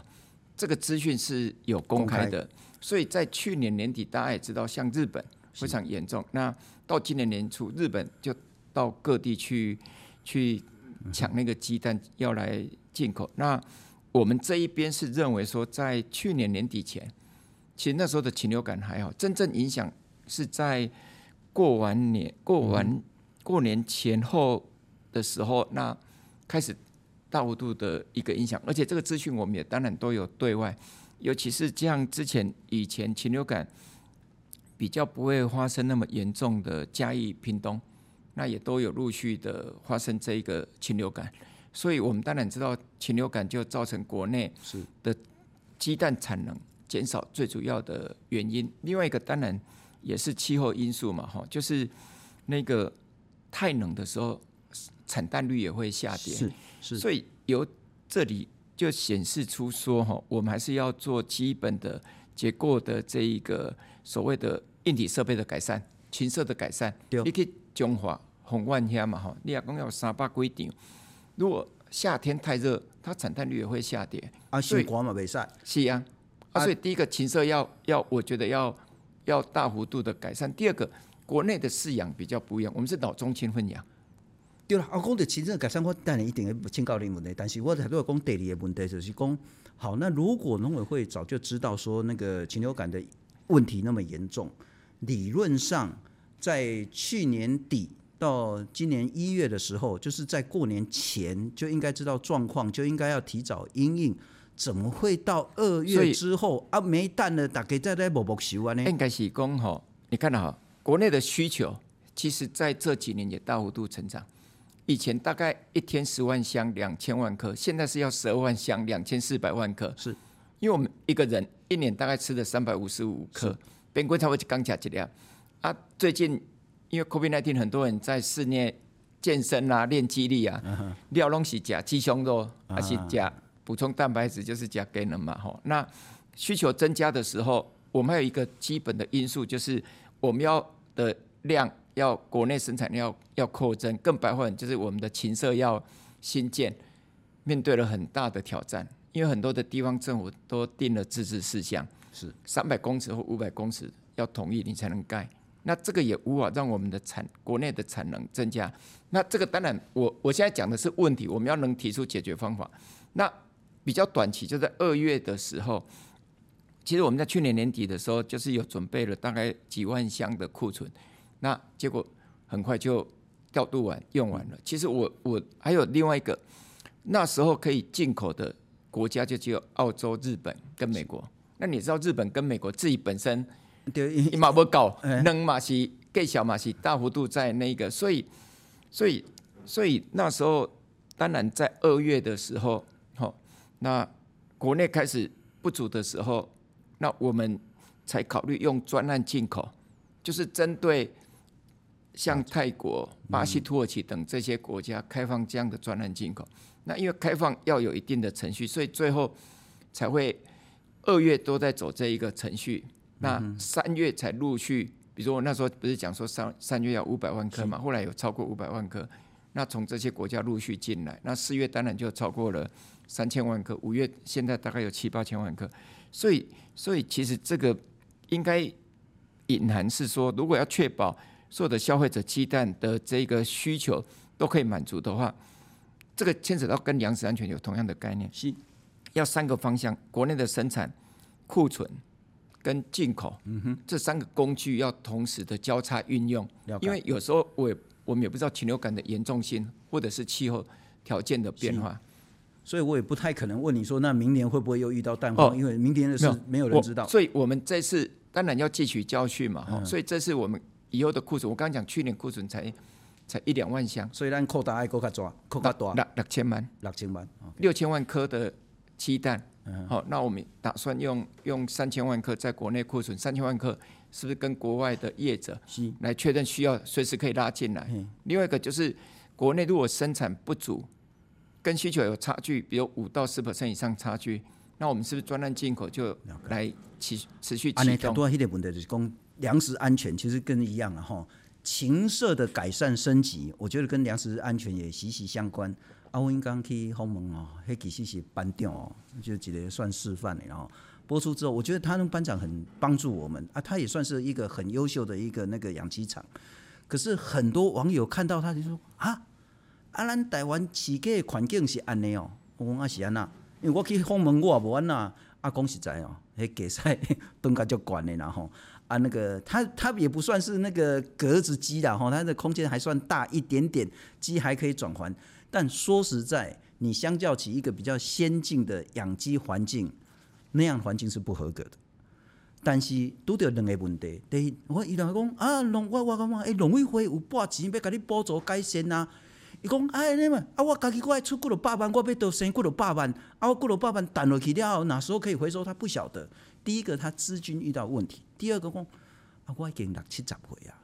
這個資訊是有公開的。所以在去年年底，大家也知道，像日本非常嚴重。是那到今年年初，日本就到各地去去搶那個雞蛋，要來進口。那我們這一邊是認為說，在去年年底前，其實那時候的禽流感還好，真正影響是在。過完年，過完過年前後的時候，那開始大幅度的一個影響，而且這個資訊我們也當然都有對外，尤其是，像之前以前禽流感比較不會發生那麼嚴重的，嘉義、屏東，那也都有陸續的發生這一個禽流感，所以我們當然知道禽流感就造成國內是的雞蛋產能減少最主要的原因，另外一個當然，也是氣候因素嘛，哈，就是那個太冷的時候，產蛋率也會下跌，是是，是，所以由這裡就顯示出說，哈，我們還是要做基本的結構的這一個所謂的硬體設備的改善，禽舍的改善，對你可以強紅外線嘛，哈，你也講要有三八規定，如果夏天太熱，它產蛋率也會下跌，啊，是以嘛未使，以是啊，啊，所以第一個禽舍要要，要我覺得要。要大幅度的改善。第二個，國內的飼養比較不一樣，我們是老中青分養。對了，阿、啊、公的禽舍改善，我當然一定要請教你們的。但是我才都要講代的問題，就是講好。那如果農委會早就知道說那個禽流感的問題那麼嚴重，理論上在去年底到今年一月的時候，就是在過年前就應該知道狀況，就應該要提早因應。怎麼會到二月之後以啊沒蛋了？大家在那默默受啊呢？應該是講，你看到、哦、哈，國內的需求其實在這幾年也大幅度成長。以前大概一天十萬箱兩千萬顆，現在是要十二萬箱兩千四百萬顆。是，因為我們一個人一年大概吃了三百五十五顆，變貴是差不多就剛加一粒。啊，最近因為 COVID-19 很多人在試練健身啊，練肌力啊，uh huh. 料都是加雞胸肉還是加？Uh huh. 補充蛋白質，就是加鈣能、um、嘛？吼，那需求增加的時候，我們還有一個基本的因素，就是我們要的量要國內生產量要要擴增。更白話就是我們的禽舍要新建，面對了很大的挑戰，因為很多的地方政府都定了自治事項，是三百公尺或五百公尺要同意你才能蓋。那這個也無法讓我們的產國內的產能增加。那這個當然我，我我現在講的是問題，我們要能提出解決方法。那比較短期，就在二月的時候，其實我們在去年年底的時候，就是有準備了大概幾萬箱的庫存。那結果很快就調度完，用完了。其實我我還有另外一個，那時候可以進口的國家就只有澳洲、日本跟美國。是那你知道日本跟美國自己本身，你馬對不夠，能馬、嗯、是給小馬是大幅度在那個，所以所以所以那時候，當然在二月的時候。那國內開始不足的時候，那我們才考慮用專案進口，就是針對像泰國、巴西、土耳其等這些國家開放這樣的專案進口。那因為開放要有一定的程序，所以最後才會二月都在走這一個程序，那三月才陸續。比如說我那時候不是講說三三月要五百萬顆嘛，是後來有超過五百萬顆。那從這些國家陸續進來，那四月當然就超過了三千萬顆，五月現在大概有七八千萬顆，所以所以其實這個應該隱含是說，如果要確保所有的消費者雞蛋的這個需求都可以滿足的話，這個牽扯到跟糧食安全有同樣的概念，是，要三個方向：國內的生產、庫存跟進口，嗯、哼這三個工具要同時的交叉運用，解因為有時候我也。我們也不知道禽流感的嚴重性，或者是氣候條件的變化，所以我也不太可能問你說，那明年會不會又遇到蛋荒？哦，因為明年的事沒有人知道。所以，我們這次當然要汲取教訓嘛，嗯、所以，這次我們以後的庫存。我剛剛講，去年庫存才才一兩萬箱，所以咱擴大還夠卡大，擴大六六千萬，六千萬、okay、六千萬顆的雞蛋，好、嗯哦，那我們打算用用三千萬顆在國內庫存三千萬顆。是不是跟國外的業者來確認，需要隨時可以拉進來？另外一個就是國內如果生產不足，跟需求有差距，比如五到十 percent 以上差距，那我們是不是專案進口就來持續啟動？了解持續啟動？啊，多、那、的、個、問題就是講糧食安全，其實跟一樣啊哈。禽舍的改善升級，我覺得跟糧食安全也息息相關、啊。我剛剛去紅門哦，那其實是班長哦，就幾個算示範的哦、喔。播出之後，我覺得他們班長很幫助我們啊，他也算是一個很優秀的一個那個養雞場。可是很多網友看到他就說啊，啊，咱台灣飼雞環境是安尼哦，我講啊，是安那，因為我去訪問我也無安那。啊，講實在哦、喔，迄雞舍本家就關了。然後、喔、啊，那個他他也不算是那個格子雞啦。吼、喔，他的空間還算大一點點，雞還可以轉環。但說實在，你相較起一個比較先進的養雞環境。那樣環境是不合格的，但是拄著，兩個問題。第一我有人講啊，農我我講嘛，哎、啊，農委會有撥錢要甲你補助改善吶、啊。伊講哎，你、啊、們啊，我家己閣愛出幾落百萬，我要多生幾落百萬，啊，幾落百萬淡落去了，哪時候可以回收？他不曉得。第一個他資金遇到問題，第二個講啊，我已經六七十歲啊，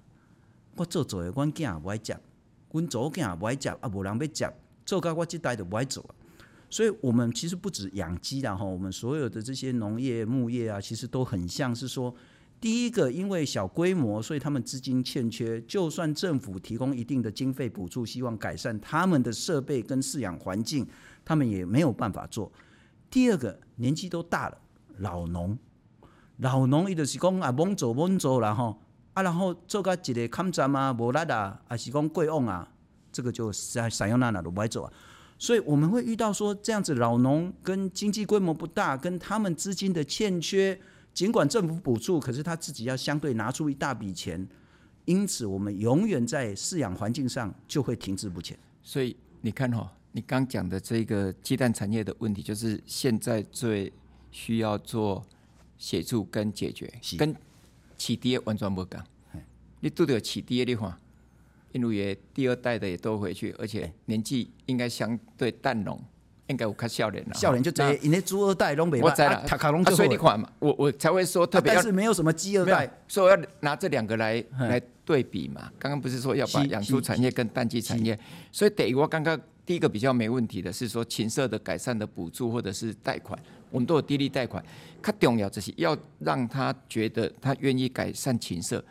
我做做的，阮囝也不愛接，阮查某囝也不愛接，啊，無人要接，做甲我這代就不愛做啊。所以我們其實不止養雞的哈，我們所有的這些農業、牧業啊，其實都很像是說，第一個，因為小規模，所以他們資金欠缺，就算政府提供一定的經費補助，希望改善他們的設備跟飼養環境，他們也沒有辦法做。第二個，年紀都大了，老農，老農，伊就是講啊，忙做忙做然後啊，然後做到一個幾日看仔嘛，無力啊，還是講貴忘啊，這個就在使用那那都唔愛做所以我們會遇到說這樣子老農跟經濟規模不大，跟他們資金的欠缺，儘管政府補助，可是他自己要相對拿出一大筆錢，因此我們永遠在飼養環境上就會停滯不前。所以你看哈、喔，你剛講的這個雞蛋產業的問題，就是現在最需要做協助跟解決，跟禽舍完全不同，你到底有禽舍的話。印度也第二代的也都回去，而且年紀應該相對蛋農，應該有看少年了。少年就對，因為豬二代攏沒，他靠農業貸款嘛，我我才會說特別、啊。但是沒有什麼雞二代，所以我要拿這兩個來、嗯、來對比嘛。剛剛不是說要把養豬產業跟蛋雞產業，所以等於我剛剛第一個比較沒問題的是說禽舍的改善的補助或者是貸款，我們都有低利貸款，較重要這些要讓他覺得他願意改善禽舍，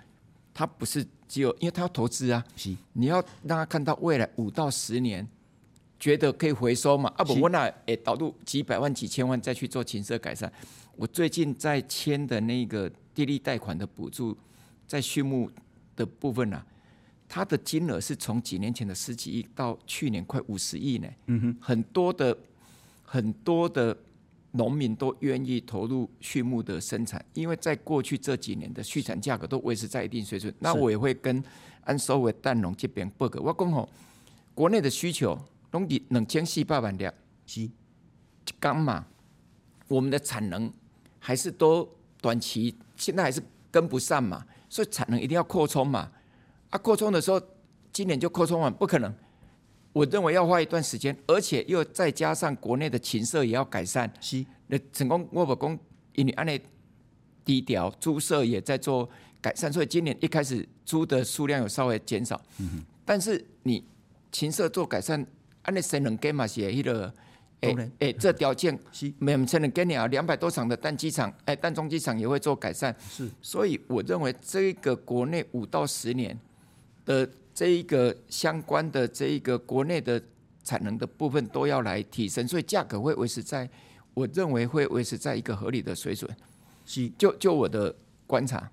他不是。只有，因為他要投資啊，是你要讓他看到未來五到十年，覺得可以回收嘛？啊不是，我那誒導入幾百萬、幾千萬再去做禽舍改善。我最近在簽的那個低利貸款的補助，在畜牧的部分啊，它的金額是從幾年前的十幾億到去年快五十億呢。嗯、哼很多的，很多的。農民都願意投入畜牧的生產，因為在過去這幾年的畜產價格都維持在一定水準。是那我也會跟按所謂的蛋農這邊報告，我講吼、哦，國內的需求攏底兩千四百萬粒，剛是嘛，我們的產能還是都短期現在還是跟不上嘛，所以產能一定要擴充嘛。啊，擴充的時候今年就擴充完，不可能。我認為要花一段時間，而且又再加上國內的禽舍也要改善。是，那成功我不講，因為案例低調，豬舍也在做改善，所以今年一開始豬的數量有稍微減少。嗯、哼但是你禽舍做改善，案例誰能給嘛？些迄個，哎哎然，這條、欸、件，是沒沒人給你啊？兩百多場的蛋雞場，哎、欸，蛋種雞場也會做改善。是。所以我認為這個國內五到十年的。這一個相關的這一個國內的產能的部分都要來提升，所以價格會維持在，我認為會維持在一個合理的水準。是，就就我的觀察，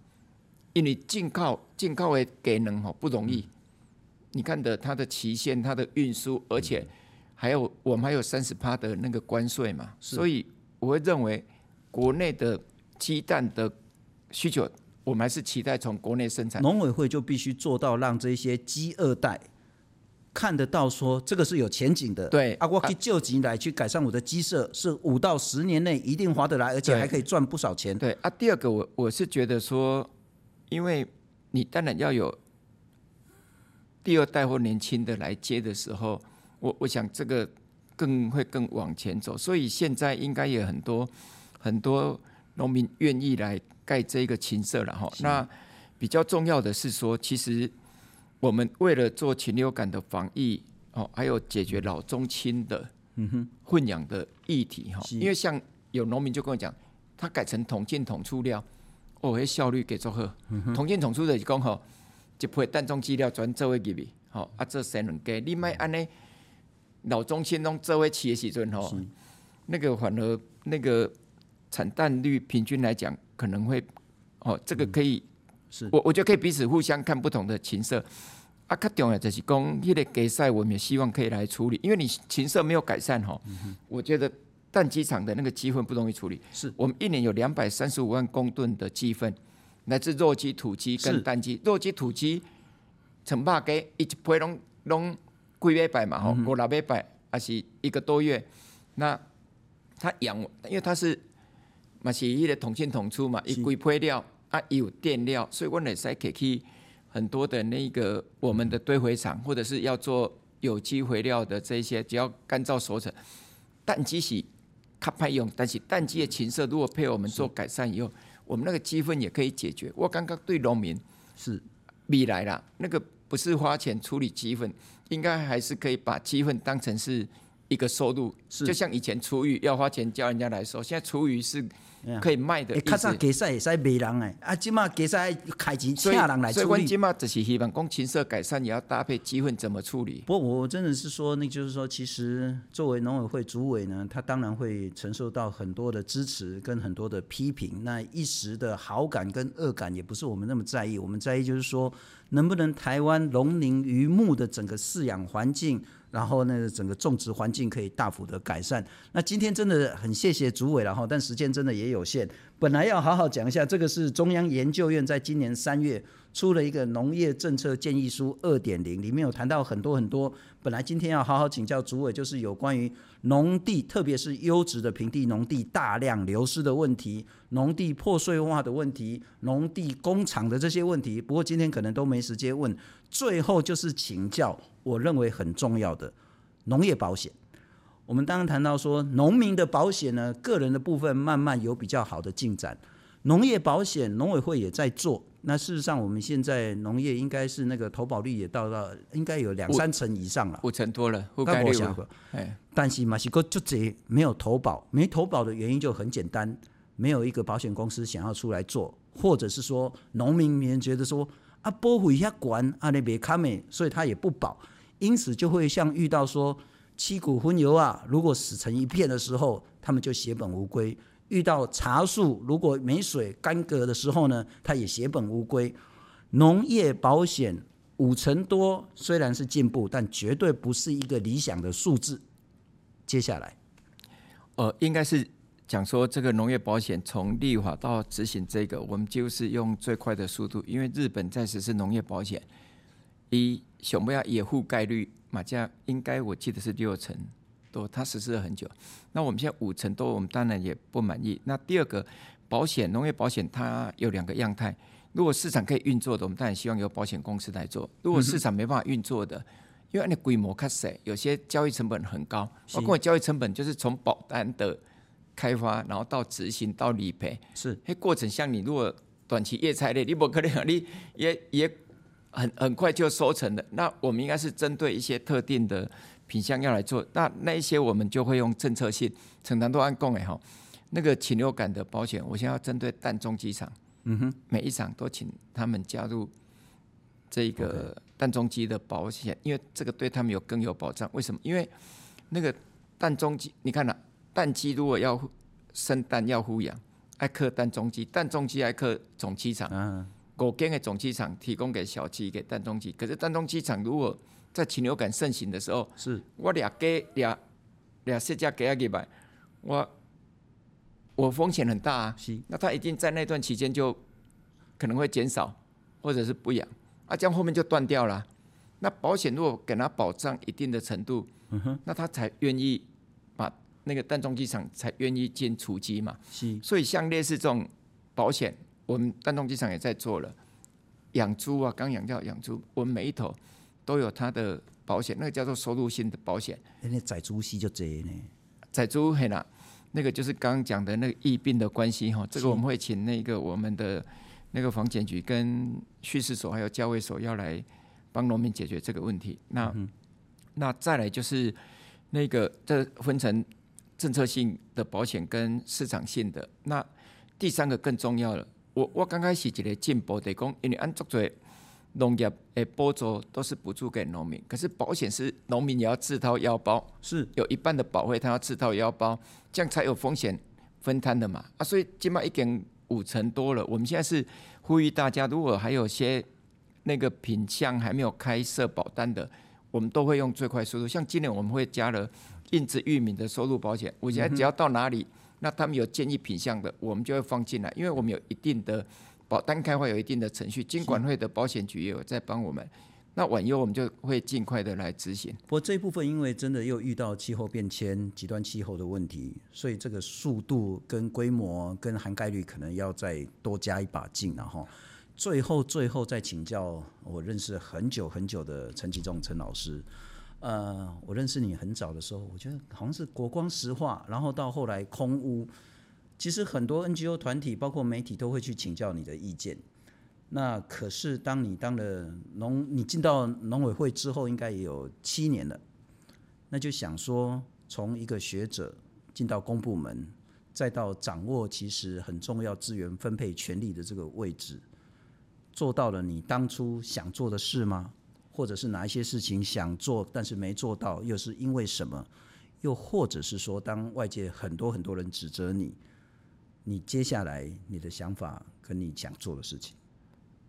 因為進口進口也給人哦不容易，嗯、你看的它的期限、它的運輸，而且還有、嗯、我們還有三十趴的那個關稅嘛，是所以我會認為國內的雞蛋的需求。我們還是期待從國內生產，農委會就必須做到讓這些雞二代看得到說這個是有前景的。對，啊，我可以借錢來去改善我的雞舍，是五到十年內一定划得來，而且還可以賺不少錢對。對啊，第二個我我是覺得說，因為你當然要有第二代或年輕的來接的時候，我我想這個更會更往前走，所以現在應該有很多很多農民願意來。蓋這個禽舍了哈，是那比較重要的是說，其實我們為了做禽流感的防疫哦，還有解決老中青的嗯哼混養的議題哈，是因為像有農民就跟我講，他改成同進同出料哦，誒效率給做好，同進同出的就是講吼，一批蛋中雞料轉做位給你，好啊這三輪雞，你賣按呢老中青攏做位企業時陣哦，是那個反而那個產蛋率平均來講。可能會，哦，這個可以，嗯、是我我覺得可以彼此互相看不同的禽舍。啊，較重要就是講，現的比賽，我們也希望可以來處理，因為你禽舍沒有改善哈。哦嗯、哼我覺得蛋雞場的那個雞糞不容易處理。是我們一年有兩百三十五萬公噸的雞糞，來自肉雞、土雞跟蛋雞。是肉雞、土雞成把雞，一隻排攏攏幾禮拜嘛，吼、嗯哼，五六禮拜啊，還是一個多月。那他養，我，因為他是。洗衣議的統進統出嘛，一歸是配料啊，有電料，所以我也是給去很多的那個我們的堆肥廠，或者是要做有機肥料的這些，只要乾燥熟成，蛋雞是它派用，但是蛋雞的禽舍如果配我們做改善以後，是我們那個雞糞也可以解決。我剛剛對農民是米來了，那個不是花錢處理雞糞，應該還是可以把雞糞當成是一個收入，是就像以前廚餘要花錢叫人家來收，現在廚餘是。可以賣的意思，以前可以買人的。啊，即馬其實開錢請人來處理。所以，所以，我是希望公禽舍改善，也要搭配雞糞怎麼處理。不過，我真的是說，那就是說，其實作為農委會主委呢，他當然會承受到很多的支持跟很多的批評。那一時的好感跟惡感，也不是我們那麼在意。我們在意就是說，能不能台灣農林漁牧的整個飼養環境。然後那個整個種植環境可以大幅的改善。那今天真的很謝謝主委了，然後但時間真的也有限。本來要好好講一下，這個是中央研究院在今年三月出了一個農業政策建議書二點零，裡面有談到很多很多。本來今天要好好請教主委，就是有關於農地，特別是優質的平地農地大量流失的問題，農地破碎化的問題，農地工廠的這些問題。不過今天可能都沒時間問。最後就是請教，我認為很重要的農業保險。我們剛剛談到說，農民的保險呢，個人的部分慢慢有比較好的進展。農業保險農委會也在做。那事實上，我們現在農業應該是那個投保率也到了，應該有兩三成以上了，五成多了。投保率哎，想嘿但是墨西哥就這沒有投保，沒投保的原因就很簡單，沒有一個保險公司想要出來做，或者是說農民們覺得說啊，保護一下管啊那邊卡美，所以他也不保，因此就會像遇到說。七股混油啊，如果死成一片的時候，他們就血本無歸；遇到茶樹，如果沒水乾涸的時候呢，他也血本無歸。農業保險五成多雖然是進步，但絕對不是一個理想的數字。接下來，呃，應該是講說這個農業保險從立法到執行，這個我們就是用最快的速度，因為日本在實施農業保險，一想要覆蓋率。馬價應該我記得是六成多，它實施了很久。那我們現在五成多，我們當然也不滿意。那第二個，保險農業保險它有兩個樣態。如果市場可以運作的，我們當然希望由保險公司來做；如果市場沒辦法運作的，嗯、哼因為按你規模比較小，有些交易成本很高。是我跟交易成本就是從保單的開發，然後到執行到理賠，是。那過程像你如果短期葉菜類的，你不可能你也也。你很很快就收成的，那我們應該是針對一些特定的品相要來做，那那一些我們就會用政策性承擔都安供哎哈，那個禽流感的保險，我現在要針對蛋中雞場，嗯哼，每一場都請他們加入這個蛋中雞的保險，Okay 因為這個對他們有更有保障。為什麼？因為那個蛋中雞，你看吶、啊，蛋雞如果要生蛋要孵養，愛克蛋中雞，蛋中雞愛克總雞場。啊果雞的種雞場提供給小雞給蛋種雞，可是，蛋種雞場如果在禽流感盛行的時候，是，我倆給倆倆十家給阿給買，我我風險很大啊，是，那他一定在那段期間就可能會減少或者是不養，啊，這樣後面就斷掉了、啊。那保險如果給他保障一定的程度，嗯、哼那他才願意把那個蛋種雞場才願意進雛雞嘛，是，所以像類似這種保險。我們蛋中雞場也在做了養豬啊，剛養掉養豬，我們每一頭都有它的保險，那個叫做收入性的保險、欸。那宰豬西就宰呢？宰豬很吶，那個就是剛講的那個疫病的關係哈。是這個我們會請那個我們的那個防檢局、跟畜試所還有家衛所要來幫農民解決這個問題。那、嗯、哼那再來就是那個這分成政策性的保險跟市場性的。那第三個更重要了。我我剛開始一個進步的講，因為按作做農業的補助都是補助給農民，可是保險是農民也要自掏腰包，是有一半的保費他要自掏腰包，這樣才有風險分攤的嘛啊，所以起碼已經成多了。我們現在是呼籲大家，如果還有些那個品項還沒有開設保單的，我們都會用最快速度，像今年我們會加了硬質玉米的收入保險，我現在只要到哪裡。那他們有建議品項的，我們就會放進來，因為我們有一定的保單開會有一定的程序，金管會的保險局也有在幫我們。是那晚因我們就會儘快的來執行。不過這一部分，因為真的又遇到氣候變遷、極端氣候的問題，所以這個速度、跟規模、跟涵蓋率，可能要再多加一把勁。然後最後，最後再請教我認識很久很久的陳吉仲陳老師。呃，我認識你很早的時候，我覺得好像是國光石化，然後到後來空污，其實很多 NGO 團體包括媒體都會去請教你的意見。那可是當你當了農，你進到農委會之後，應該也有七年了，那就想說，從一個學者進到公部門，再到掌握其實很重要資源分配權力的這個位置，做到了你當初想做的事嗎？或者是哪一些事情想做，但是沒做到，又是因為什麼？又或者是說，當外界很多很多人指責你，你接下來你的想法跟你想做的事情，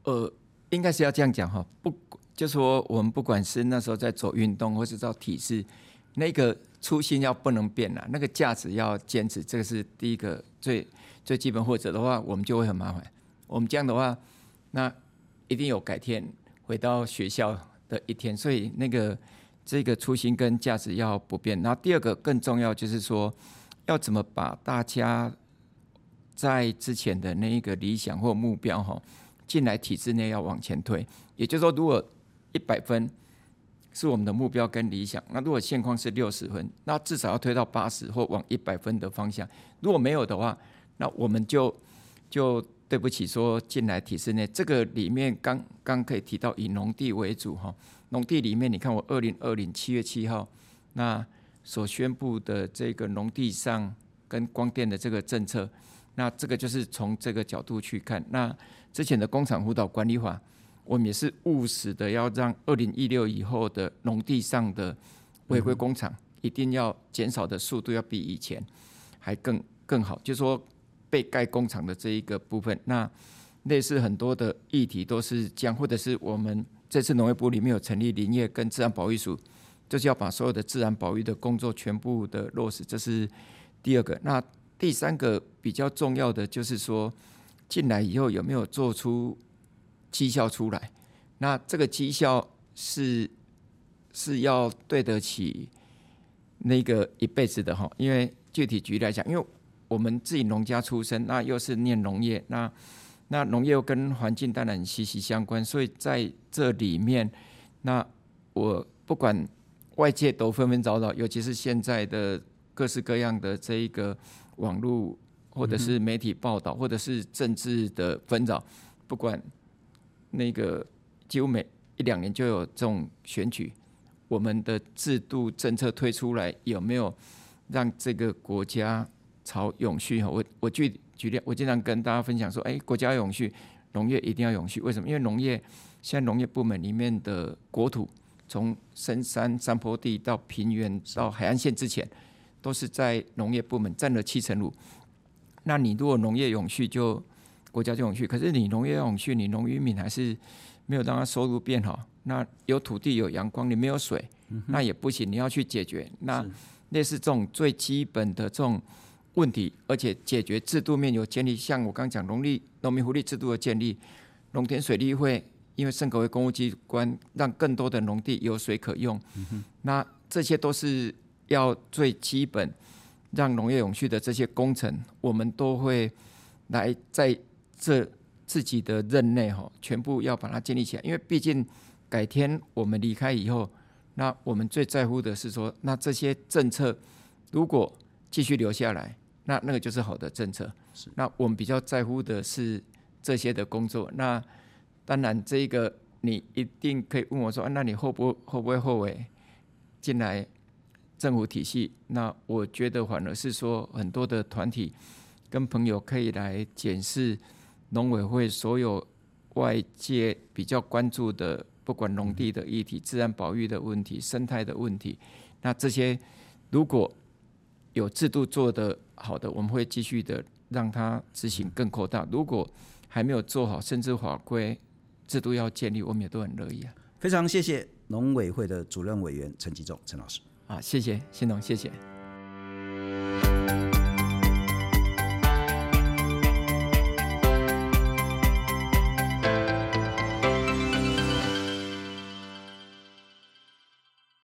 呃，應該是要這樣講哈。不，就是說我們不管是那時候在做運動，或者是做體制，那個初心要不能變吶，那個價值要堅持，這個是第一個最最基本，或者的話，我們就會很麻煩。我們這樣的話，那一定有改天回到學校。的一天，所以那個這個初心跟價值要不變。那第二個更重要就是說，要怎麼把大家在之前的那一個理想或目標哈，進來體制內要往前推。也就是說，如果一百分是我們的目標跟理想，那如果現況是六十分，那至少要推到八十或往一百分的方向。如果沒有的話，那我們就就。對不起，說進來提示呢，這個裡面剛剛可以提到以農地為主哈，農地裡面你看我二零二零七月七號那所宣布的這個農地上跟光電的這個政策，那這個就是從這個角度去看。那之前的工廠輔導管理法，我們也是務實的要讓二零一六以後的農地上的違規工廠，一定要減少的速度要比以前還更更好，就是說。被蓋工廠的這一個部分，那類似很多的議題都是這樣，或者是我們這次農業部裡面有成立林業跟自然保育署，就是要把所有的自然保育的工作全部的落實，這是第二個。那第三個比較重要的就是說，進來以後有沒有做出績效出來？那這個績效是是要對得起那個一輩子的哈，因為具體舉例來講，因為。我們自己農家出身，那又是念農業，那那農業又跟環境當然息息相關，所以在這裡面，那我不管外界都紛紛擾擾，尤其是現在的各式各樣的這一個網絡或者是媒體報道，或者是政治的紛擾，不管那個幾乎每一兩年就有這種選舉，我們的制度政策推出來有沒有讓這個國家？朝永續哈，我我舉舉例，我經常跟大家分享說，哎、欸，國家永續，農業一定要永續，為什麼？因為農業現在農業部門裡面的國土，從深山山坡地到平原到海岸線之前，都是在農業部門占了七成五。那你如果農業永續就，就國家就永續。可是你農業永續，你農漁民還是沒有讓它收入變好。那有土地有陽光，你沒有水，那也不行。你要去解決。那類似這種最基本的這種。問題，而且解決制度面有建立，像我剛講農利農民福利制度的建立，農田水利會因為升格為公務機關，讓更多的農地有水可用。嗯、哼那這些都是要最基本讓農業永續的這些工程，我們都會來在這自己的任內哈，全部要把它建立起來。因為畢竟改天我們離開以後，那我們最在乎的是說，那這些政策如果繼續留下來。那那個就是好的政策。是，那我們比較在乎的是這些的工作。那當然，這個你一定可以問我說，那你後不會不會後悔進來政府體系？那我覺得反而是說，很多的團體跟朋友可以來檢視農委會所有外界比較關注的，不管農地的議題、嗯、自然保育的問題、生態的問題。那這些如果。有制度做的好的，我們會繼續的讓它執行更擴大。如果還沒有做好，甚至法規制度要建立，我們也都很樂意啊。非常謝謝農委會的主任委員陳吉仲陳老師。啊，謝謝新農，謝謝。